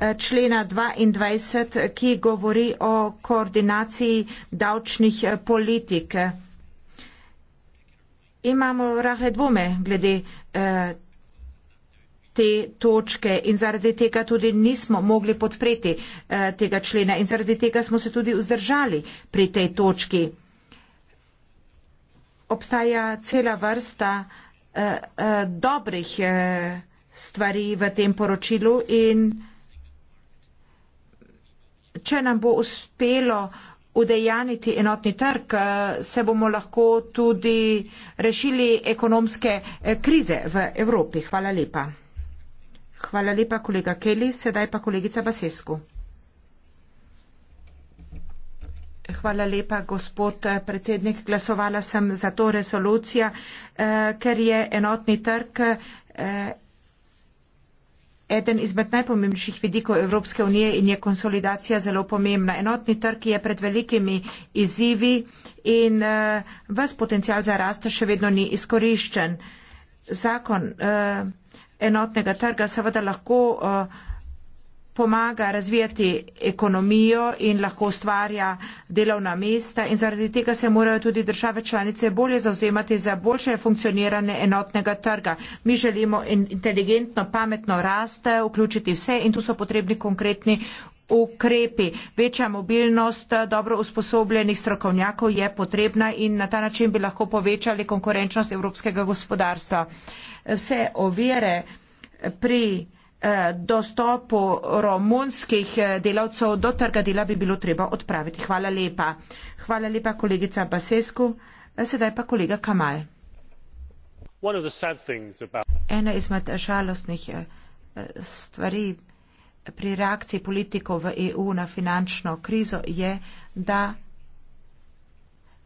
eh, člena 22, ki govori o koordinaciji davčnih politik. Imamo rahle dvome glede eh, te točke in zaradi tega tudi nismo mogli podpreti eh, tega člena in zaradi tega smo se tudi vzdržali pri tej točki. Obstaja cela vrsta eh, eh, dobrih eh, stvari v tem poročilu in če nam bo uspelo udejaniti enotni trg, eh, se bomo lahko tudi rešili ekonomske eh, krize v Evropi. Hvala lepa. Hvala lepa, kolega Kelly. Sedaj pa kolegica Basesku. Hvala lepa, gospod eh, predsednik. Glasovala sem za to resolucijo, eh, ker je enotni trg eh, eden izmed najpomembnejših vidikov Evropske unije in je konsolidacija zelo pomembna. Enotni trg je pred velikimi izzivi in ves potencial za rast še vedno ni izkoriščen. Zakon, enotnega trga seveda lahko eh, pomaga razvijati ekonomijo in lahko ustvarja delovna mesta in zaradi tega se morajo tudi države članice bolje zauzemati za boljše funkcioniranje enotnega trga. Mi želimo inteligentno, pametno rast, eh, vključiti vse in tu so potrebni konkretni ukrepi. Večja mobilnost dobro usposobljenih strokovnjakov je potrebna in na ta način bi lahko povečali konkurenčnost evropskega gospodarstva. Vse ovire pri eh, dostopu romunskih eh, delavcev do trga dela bi bilo treba odpraviti. Hvala lepa. Hvala lepa kolegica Basescu. Eh, sedaj pa kolega Kamal. Ena izmed žalostnih stvari pri reakciji politikov v EU na finančno krizo je, da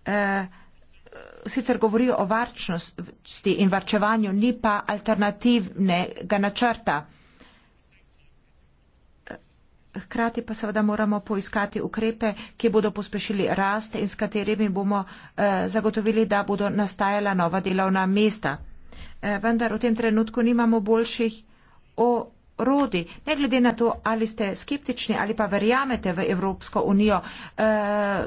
eh, sicer govorijo o varčnosti in varčevanju, ni pa alternativnega načrta. Hkrati pa seveda moramo poiskati ukrepe, ki bodo pospešili rast in s katerimi bomo eh, zagotovili, da bodo nastajala nova delovna mesta. Eh, vendar v tem trenutku nimamo boljših. O, rodi, ne glede na to, ali ste skeptični ali pa verjamete v Evropsko unijo, eh,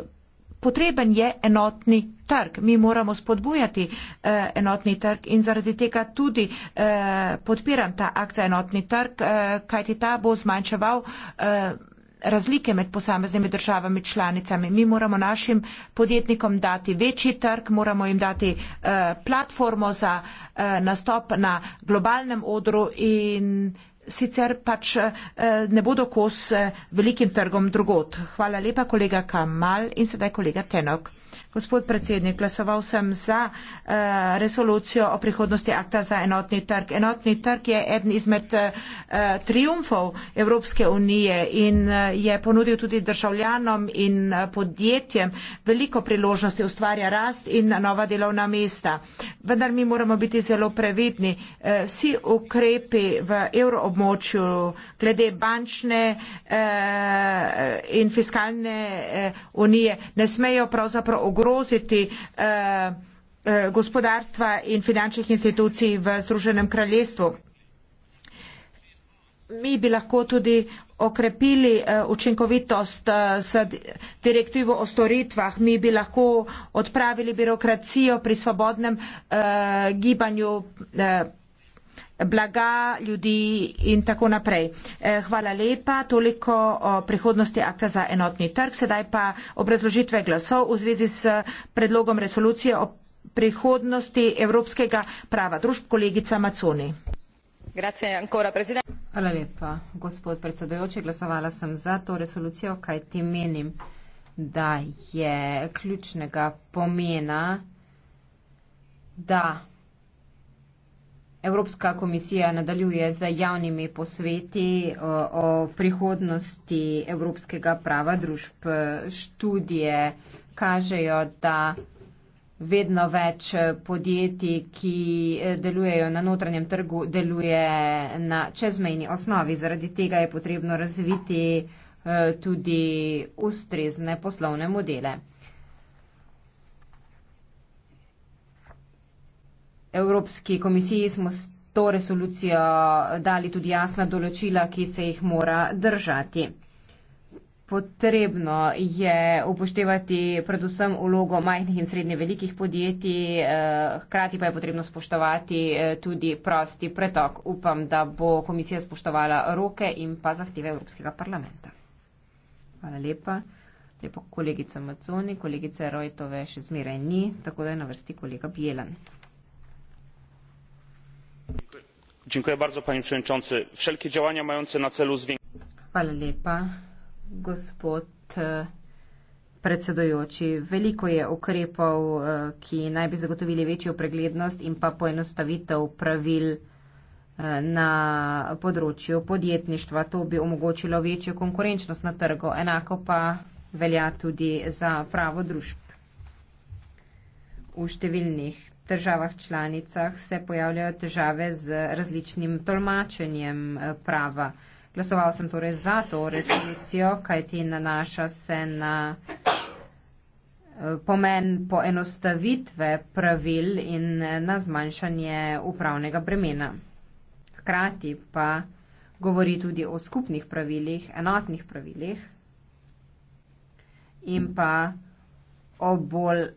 potreben je enotni trg. Mi moramo spodbujati eh, enotni trg in zaradi tega tudi eh, podpiram ta akt za enotni trg, kajti ta bo zmanjševal razlike med posameznimi državami članicami. Mi moramo našim podjetnikom dati večji trg, moramo jim dati eh, platformo za eh, nastop na globalnem odru in eh, sicer pač eh, ne bodo kos eh, velikim trgom drugot. Hvala lepa, kolega Kamal in sedaj kolega Tenok. Gospod predsednik, glasoval sem za uh, resolucijo o prihodnosti akta za enotni trg. Enotni trg je eden izmed uh, triumfov Evropske unije in uh, je ponudil tudi državljanom in uh, podjetjem veliko priložnosti ustvarja rast in nova delovna mesta. Vendar mi moramo biti zelo previdni. Uh, vsi ukrepi v euroobmočju glede bančne uh, in fiskalne uh, unije ne smejo pravzaprav ogroziti eh, eh, gospodarstva in finančnih institucij v Združenem kraljestvu. Mi bi lahko tudi okrepili eh, učinkovitost s direktivo o storitvah, mi bi lahko odpravili birokracijo pri svobodnem gibanju blaga ljudi in tako naprej. Eh, hvala lepa, toliko o prihodnosti akta za enotni trg. Sedaj pa obrazložitve glasov v zvezi s predlogom resolucije o prihodnosti evropskega prava družb, kolegica Maconi. Hvala lepa, gospod predsedojoči. Glasovala sem za to resolucijo, kaj ti menim, da je ključnega pomena, da Evropska komisija nadaljuje z javnimi posveti eh, o prihodnosti evropskega prava družb. Študije kažejo, da vedno več podjetij, ki eh, delujejo na notranjem trgu, deluje na čezmejni osnovi. Zaradi tega je potrebno razviti eh, tudi ustrezne poslovne modele. Evropski komisiji smo s to resolucijo dali tudi jasna določila, ki se jih mora držati. Potrebno je upoštevati predvsem vlogo majhnih in srednje velikih podjetij, eh, hkrati pa je potrebno spoštovati eh, tudi prosti pretok. Upam, da bo komisija spoštovala roke in pa zahteve Evropskega parlamenta. Hvala lepa. Lepo kolegica Maconi, kolegice Rojtove še zmeraj ni, tako da je na vrsti kolega Bjelan pani przewodnicząca! wszelkie działania mające na celu e, predsedujoči veliko je ukrepov e, ki naj bi zagotovili večjo preglednost in pa poenostavitev pravil e, na področju podjetništva to bi omogočilo večjo konkurenčnost na trgu enako pa velja tudi za pravo družb v številnih državah članicah se pojavljajo težave z različnim tolmačenjem eh, prava. Glasoval sem torej za to resolucijo, kajti nanaša se na eh, pomen poenostavitve pravil in eh, na zmanjšanje upravnega bremena. Hkrati pa govori tudi o skupnih pravilih, enotnih pravilih in pa o bolj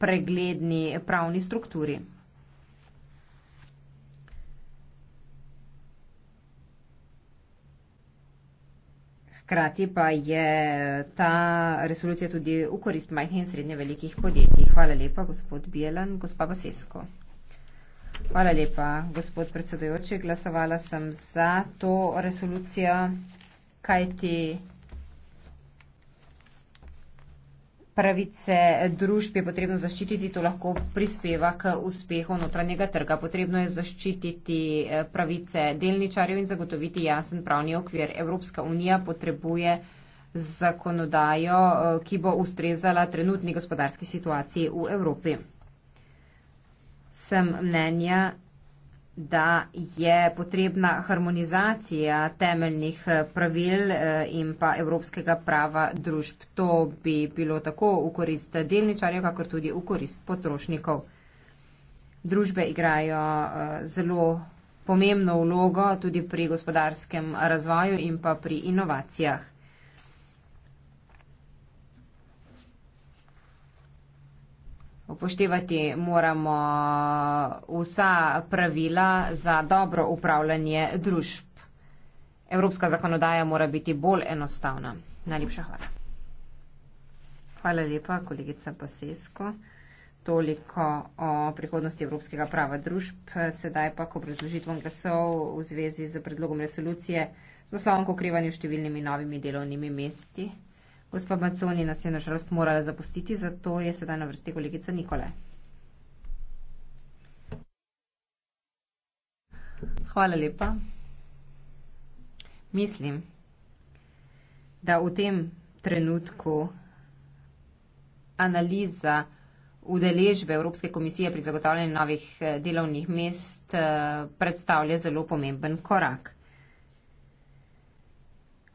pregledni pravni strukturi. Hkrati pa je ta resolucija tudi v korist majhnih in srednje velikih podjetij. Hvala lepa, gospod Bielan, gospa Vasesko. Hvala lepa, gospod predsedojoči. Glasovala sem za to resolucijo, kajti pravice družb je potrebno zaščititi, to lahko prispeva k uspehu notranjega trga. Potrebno je zaščititi eh, pravice delničarjev in zagotoviti jasen pravni okvir. Evropska unija potrebuje zakonodajo, eh, ki bo ustrezala trenutni gospodarski situaciji v Evropi. Sem mnenja, da je potrebna harmonizacija temeljnih eh, pravil eh, in pa evropskega prava družb. To bi bilo tako v korist delničarjev, kakor tudi v korist potrošnikov. Družbe igrajo eh, zelo pomembno vlogo tudi pri gospodarskem razvoju in pa pri inovacijah. upoštevati moramo vsa pravila za dobro upravljanje družb. Evropska zakonodaja mora biti bolj enostavna. Najlepša hvala. Hvala lepa, kolegica Pasesko. Toliko o prihodnosti evropskega prava družb. Sedaj pa k obrazložitvam glasov v zvezi z predlogom resolucije z naslovom k okrevanju številnimi novimi delovnimi mesti. Gospa Maconi nas je nažalost morala zapustiti, zato je sedaj na vrsti kolegica Nikole. Hvala lepa. Mislim, da v tem trenutku analiza udeležbe Evropske komisije pri zagotavljanju novih eh, delovnih mest eh, predstavlja zelo pomemben korak.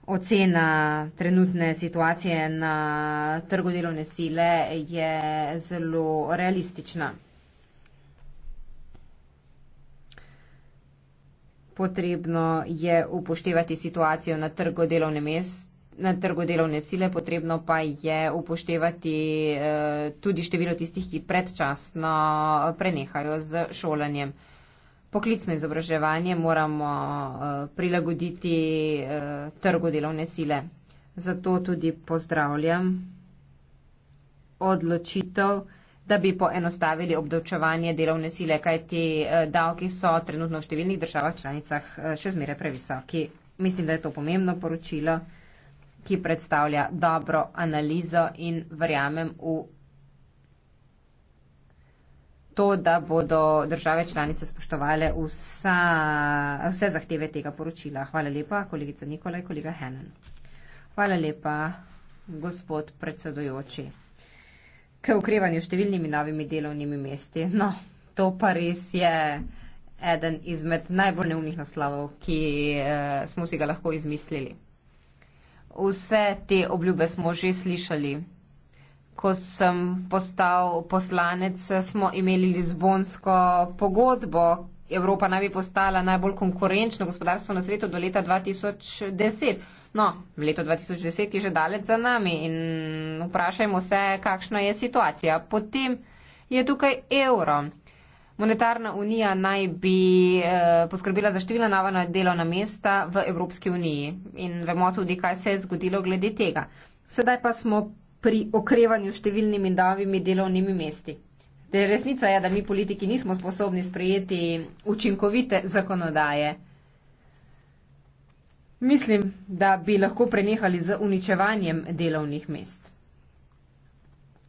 Ocena trenutne situacije na trgu delovne sile je zelo realistična. Potrebno je upoštevati situacijo na trgu delovne, mest, na trgu delovne sile, potrebno pa je upoštevati eh, tudi število tistih, ki predčasno prenehajo z šolanjem poklicno izobraževanje moramo eh, prilagoditi eh, trgu delovne sile. Zato tudi pozdravljam odločitev, da bi poenostavili obdavčevanje delovne sile, kajti eh, davki so trenutno v številnih državah članicah še zmeraj previsoki. Mislim, da je to pomembno poročilo, ki predstavlja dobro analizo in verjamem v to, da bodo države članice spoštovale vsa, vse zahteve tega poročila. Hvala lepa, kolegica Nikola in kolega Henen. Hvala lepa, gospod predsedujoči. K ukrevanju številnimi novimi delovnimi mesti. No, to pa res je eden izmed najbolj neumnih naslovov, ki eh, smo si ga lahko izmislili. Vse te obljube smo že slišali ko sem postal poslanec, smo imeli Lizbonsko pogodbo. Evropa naj bi postala najbolj konkurenčno gospodarstvo na svetu do leta 2010. No, leto 2010 je že daleč za nami in vprašajmo se, kakšna je situacija. Potem je tukaj evro. Monetarna unija naj bi eh, poskrbila za številna nova delovna mesta v Evropski uniji in vemo tudi, kaj se je zgodilo glede tega. Sedaj pa smo pri okrevanju številnimi davimi delovnimi mesti. De torej, resnica je, da mi politiki nismo sposobni sprejeti učinkovite zakonodaje. Mislim, da bi lahko prenehali z uničevanjem delovnih mest.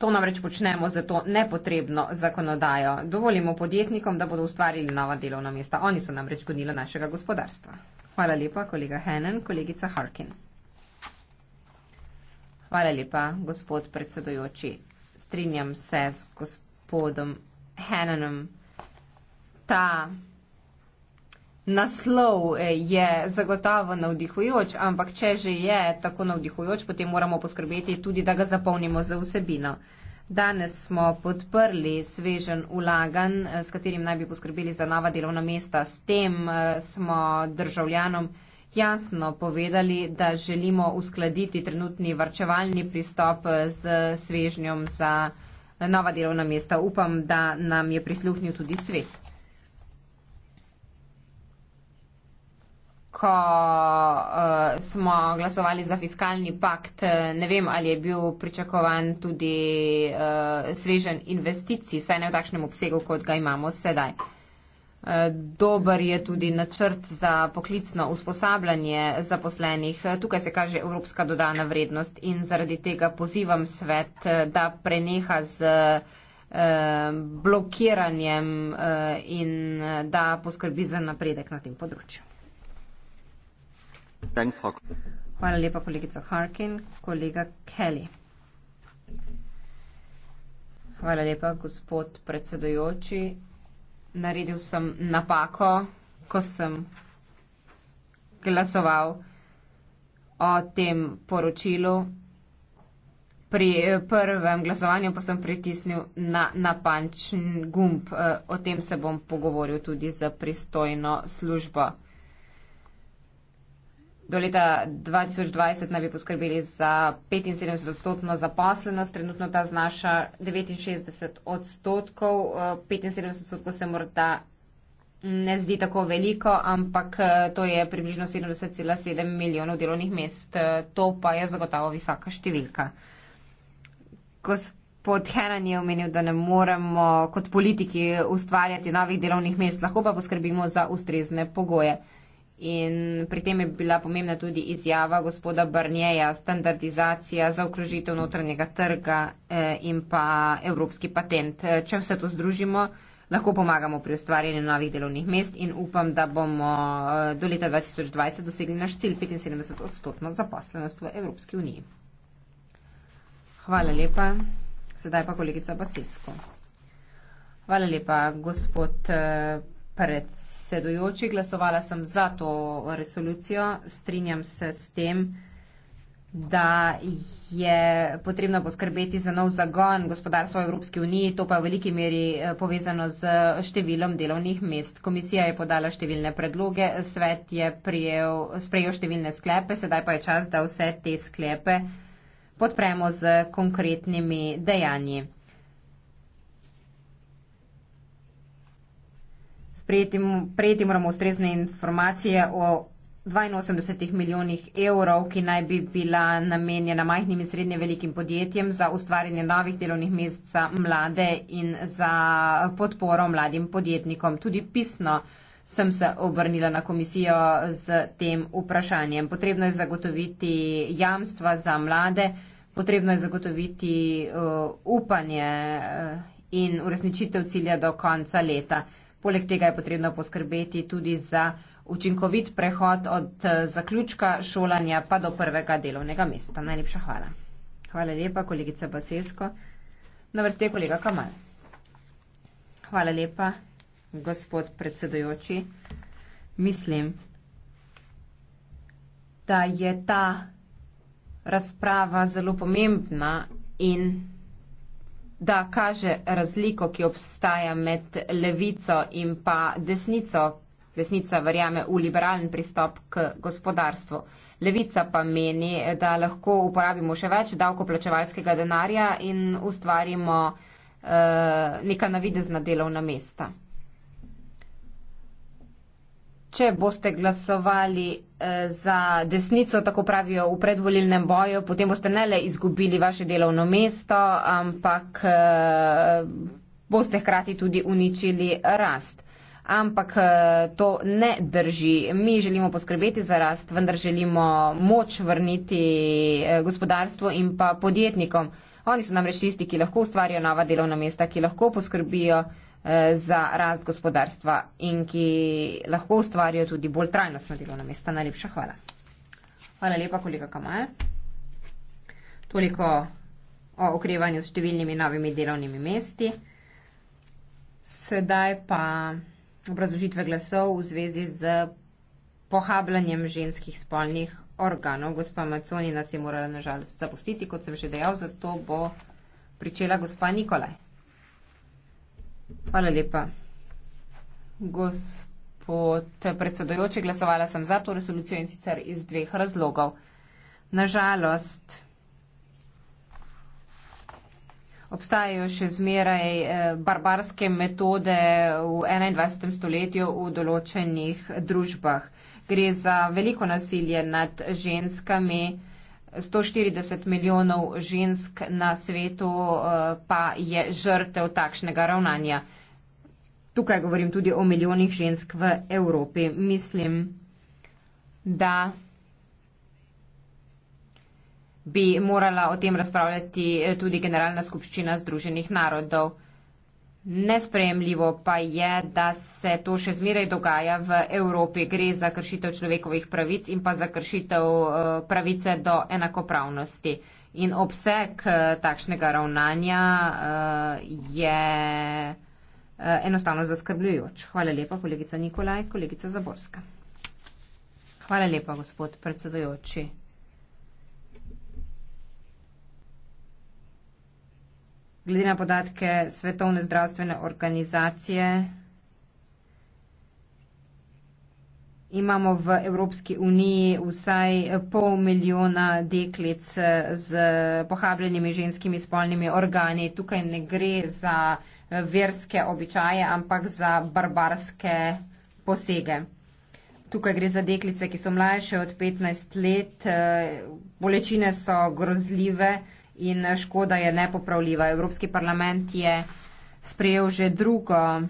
To namreč počnemo za to nepotrebno zakonodajo. Dovolimo podjetnikom, da bodo ustvarili nova delovna mesta. Oni so namreč gonila našega gospodarstva. Hvala lepa, kolega Henen, kolegica Harkin. Hvala lepa, gospod predsedujoči. Strinjam se s gospodom Henanom. Ta naslov eh, je zagotovo navdihujoč, ampak če že je tako navdihujoč, potem moramo poskrbeti tudi, da ga zapolnimo z vsebino. Danes smo podprli svežen ulagan, eh, s katerim naj bi poskrbeli za nova delovna mesta. S tem eh, smo državljanom jasno povedali, da želimo uskladiti trenutni varčevalni pristop z svežnjom za nova delovna mesta. Upam, da nam je prisluhnil tudi svet. Ko uh, smo glasovali za fiskalni pakt, eh, ne vem, ali je bil pričakovan tudi uh, svežen investicij, saj ne v takšnem obsegu, kot ga imamo sedaj. Uh, Dober je tudi načrt za poklicno usposabljanje zaposlenih. Tukaj se kaže evropska dodana vrednost in zaradi tega pozivam svet, da preneha z eh, blokiranjem eh, in eh, da poskrbi za napredek na tem področju. Hvala lepa, kolegica Harkin. Kolega Kelly. Hvala lepa, gospod predsedojoči naredil sem napako, ko sem glasoval o tem poročilu. Pri eh, prvem glasovanju pa sem pritisnil na napačen gumb. Eh, o tem se bom pogovoril tudi z pristojno službo. Do leta 2020 naj bi poskrbeli za 75 odstotno zaposlenost, trenutno ta znaša 69 odstotkov. 75 eh, odstotkov se morda ne zdi tako veliko, ampak eh, to je približno 70,7 milijonov delovnih mest. Eh, to pa je zagotovo visoka številka. Gospod Henan je omenil, da ne moremo kot politiki ustvarjati novih delovnih mest, lahko pa poskrbimo za ustrezne pogoje. In pri tem je bila pomembna tudi izjava gospoda Barnjeja, standardizacija za okrožitev notranjega trga eh, in pa evropski patent. Eh, če vse to združimo, lahko pomagamo pri ustvarjanju novih delovnih mest in upam, da bomo eh, do leta 2020 dosegli naš cilj 75 odstotno zaposlenost v Evropski uniji. Hvala lepa. Sedaj pa kolegica Basesko. Hvala lepa, gospod predsednik predsedujoči, glasovala sem za to resolucijo. Strinjam se s tem, da je potrebno poskrbeti za nov zagon gospodarstva v Evropski uniji, to pa je v veliki meri eh, povezano z številom delovnih mest. Komisija je podala številne predloge, svet je prijel, sprejel številne sklepe, sedaj pa je čas, da vse te sklepe podpremo z konkretnimi dejanji. sprejeti, prejeti moramo ustrezne informacije o 82 milijonih evrov, ki naj bi bila namenjena majhnim in srednje velikim podjetjem za ustvarjanje novih delovnih mest za mlade in za podporo mladim podjetnikom. Tudi pisno sem se obrnila na komisijo z tem vprašanjem. Potrebno je zagotoviti jamstva za mlade, potrebno je zagotoviti uh, upanje uh, in uresničitev cilja do konca leta. Poleg tega je potrebno poskrbeti tudi za učinkovit prehod od eh, zaključka šolanja pa do prvega delovnega mesta. Najlepša hvala. Hvala lepa, kolegica Basesko. Na vrsti je kolega Kamal. Hvala lepa, gospod predsedojoči. Mislim, da je ta razprava zelo pomembna in da kaže razliko, ki obstaja med levico in pa desnico. Desnica verjame v liberalen pristop k gospodarstvu. Levica pa meni, da lahko uporabimo še več davkoplačevalskega denarja in ustvarimo uh, neka navidezna delovna mesta če boste glasovali eh, za desnico, tako pravijo v predvolilnem boju, potem boste ne le izgubili vaše delovno mesto, ampak eh, boste hkrati tudi uničili rast. Ampak eh, to ne drži. Mi želimo poskrbeti za rast, vendar želimo moč vrniti gospodarstvu in pa podjetnikom. Oni so namreč tisti, ki lahko ustvarijo nova delovna mesta, ki lahko poskrbijo za rast gospodarstva in ki lahko ustvarijo tudi bolj trajnostna delovna mesta. Najlepša hvala. Hvala lepa, kolega Kamaje. Toliko o okrevanju s številnimi novimi delovnimi mesti. Sedaj pa obrazložitve glasov v zvezi z pohabljanjem ženskih spolnih organov. Gospa Maconi nas je morala nažalost zapustiti, kot sem že dejal, zato bo pričela gospa Nikolaj. Hvala lepa. Gospod predsedojoči, glasovala sem za to resolucijo in sicer iz dveh razlogov. Nažalost, obstajajo še zmeraj eh, barbarske metode v 21. stoletju v določenih družbah. Gre za veliko nasilje nad ženskami, 140 milijonov žensk na svetu eh, pa je žrtev takšnega ravnanja. Tukaj govorim tudi o milijonih žensk v Evropi. Mislim, da bi morala o tem razpravljati eh, tudi Generalna skupščina Združenih narodov. Nesprejemljivo pa je, da se to še zmeraj dogaja v Evropi. Gre za kršitev človekovih pravic in pa za kršitev eh, pravice do enakopravnosti. In obseg eh, takšnega ravnanja eh, je enostavno zaskrbljujoč. Hvala lepa, kolegica Nikolaj, kolegica Zaborska. Hvala lepa, gospod predsedujoči. glede na podatke Svetovne zdravstvene organizacije, imamo v Evropski uniji vsaj pol milijona deklic z pohabljenimi ženskimi spolnimi organi. Tukaj ne gre za verske običaje, ampak za barbarske posege. Tukaj gre za deklice, ki so mlajše od 15 let, bolečine so grozljive, in eh, škoda je nepopravljiva. Evropski parlament je sprejel že drugo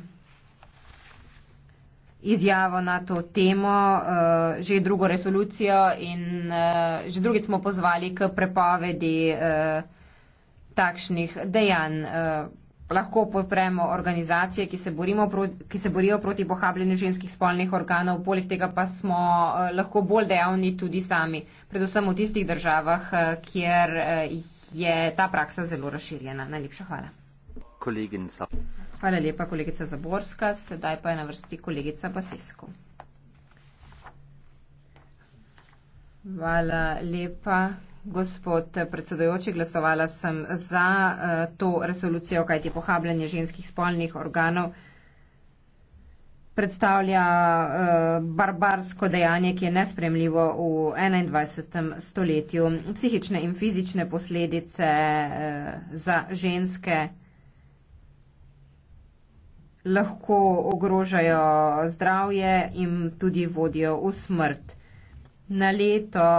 izjavo na to temo, eh, že drugo resolucijo in eh, že drugič smo pozvali k prepovedi takšnih dejanj. Lahko podpremo organizacije, ki se, borimo, ki se borijo proti pohabljenju ženskih spolnih organov, poleg tega pa smo lahko bolj dejavni tudi sami, predvsem v tistih državah, kjer je ta praksa zelo razširjena. Najlepša hvala. Koleginca. Hvala lepa, kolegica Zaborska. Sedaj pa je na vrsti kolegica Basesko. Hvala lepa, gospod predsedojoči. Glasovala sem za uh, to resolucijo, kajti pohabljanje ženskih spolnih organov uh, predstavlja uh, barbarsko dejanje, ki je nespremljivo v 21. stoletju. Psihične in fizične posledice uh, za ženske lahko ogrožajo zdravje in tudi vodijo v smrt. Na leto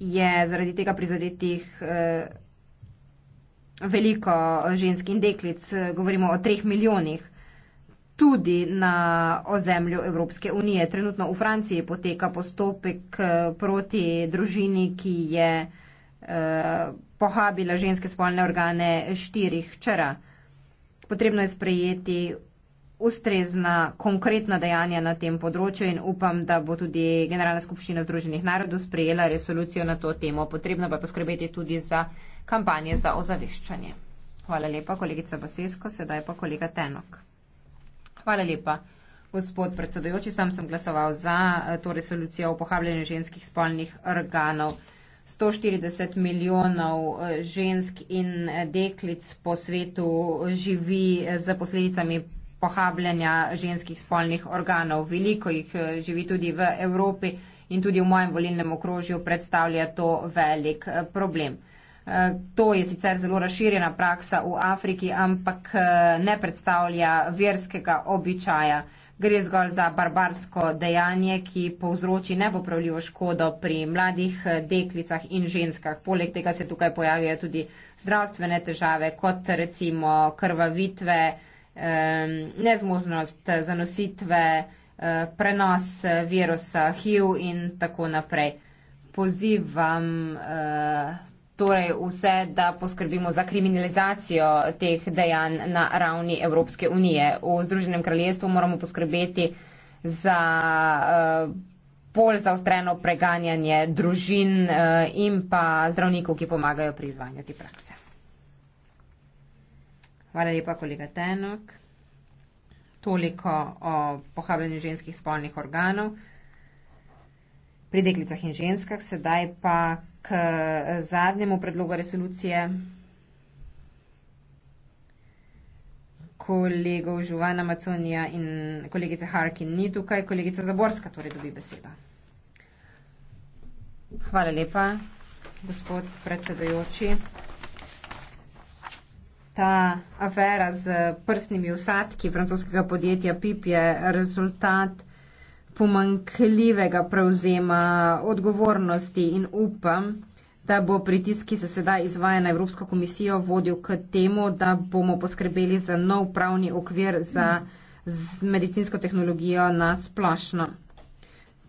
je zaradi tega prizadetih uh, veliko žensk in deklic, govorimo o treh milijonih tudi na ozemlju Evropske unije. Trenutno v Franciji poteka postopek eh, proti družini, ki je eh, pohabila ženske spolne organe štirih čera. Potrebno je sprejeti ustrezna, konkretna dejanja na tem področju in upam, da bo tudi Generalna skupščina Združenih narodov sprejela resolucijo na to temo. Potrebno pa je poskrbeti tudi za kampanje za ozaveščanje. Hvala lepa, kolegica Basesko, sedaj pa kolega Tenok hvala lepa. Gospod predsedojoči, sam sem glasoval za eh, to resolucijo o pohabljanju ženskih spolnih organov. 140 milijonov eh, žensk in eh, deklic po svetu živi za posledicami pohabljanja ženskih spolnih organov. Veliko jih živi tudi v Evropi in tudi v mojem volilnem okrožju predstavlja to velik problem. To je sicer zelo razširjena praksa v Afriki, ampak ne predstavlja verskega običaja. Gre zgolj za barbarsko dejanje, ki povzroči nepopravljivo škodo pri mladih deklicah in ženskah. Poleg tega se tukaj pojavijo tudi zdravstvene težave, kot recimo krvavitve, nezmožnost zanositve, eh, prenos virusa HIV in tako naprej. Pozivam eh, torej vse, da poskrbimo za kriminalizacijo teh dejanj na ravni Evropske unije. V Združenem kraljestvu moramo poskrbeti za eh, bolj zaostreno preganjanje družin eh, in pa zdravnikov, ki pomagajo pri izvajanju te prakse. Hvala lepa, kolega Tenok. Toliko o pohabljanju ženskih spolnih organov pri deklicah in ženskah. Sedaj pa k eh, zadnjemu predlogu resolucije kolegov Žuvana Maconija in kolegice Harkin ni tukaj, kolegica Zaborska torej dobi besedo. Hvala lepa, gospod predsedojoči. Ta afera z prsnimi usadki francoskega podjetja PIP je rezultat pomankljivega prevzema odgovornosti in upam, da bo pritisk, ki se sedaj izvaja na Evropsko komisijo, vodil k temu, da bomo poskrbeli za nov pravni okvir za medicinsko tehnologijo na splošno.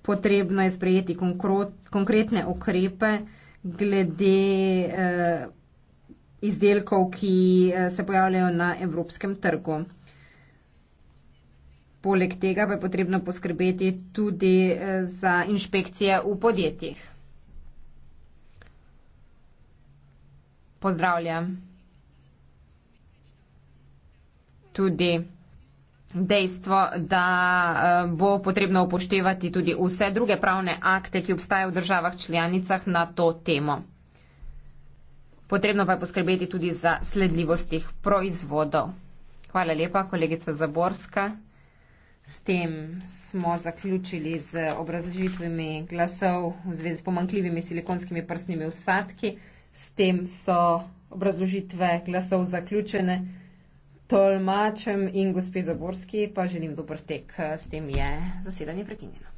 Potrebno je sprejeti konkretne ukrepe glede eh, izdelkov, ki eh, se pojavljajo na evropskem trgu. Poleg tega pa je potrebno poskrbeti tudi eh, za inšpekcije v podjetjih. Pozdravljam tudi dejstvo, da eh, bo potrebno upoštevati tudi vse druge pravne akte, ki obstajajo v državah članicah na to temo. Potrebno pa je poskrbeti tudi za sledljivost teh proizvodov. Hvala lepa, kolegica Zaborska. S tem smo zaključili z obrazložitvami glasov v zvezi s pomankljivimi silikonskimi prsnimi vsadki. S tem so obrazložitve glasov zaključene. Tolmačem in gospe Zaborski pa želim dober tek. S tem je zasedanje prekinjeno.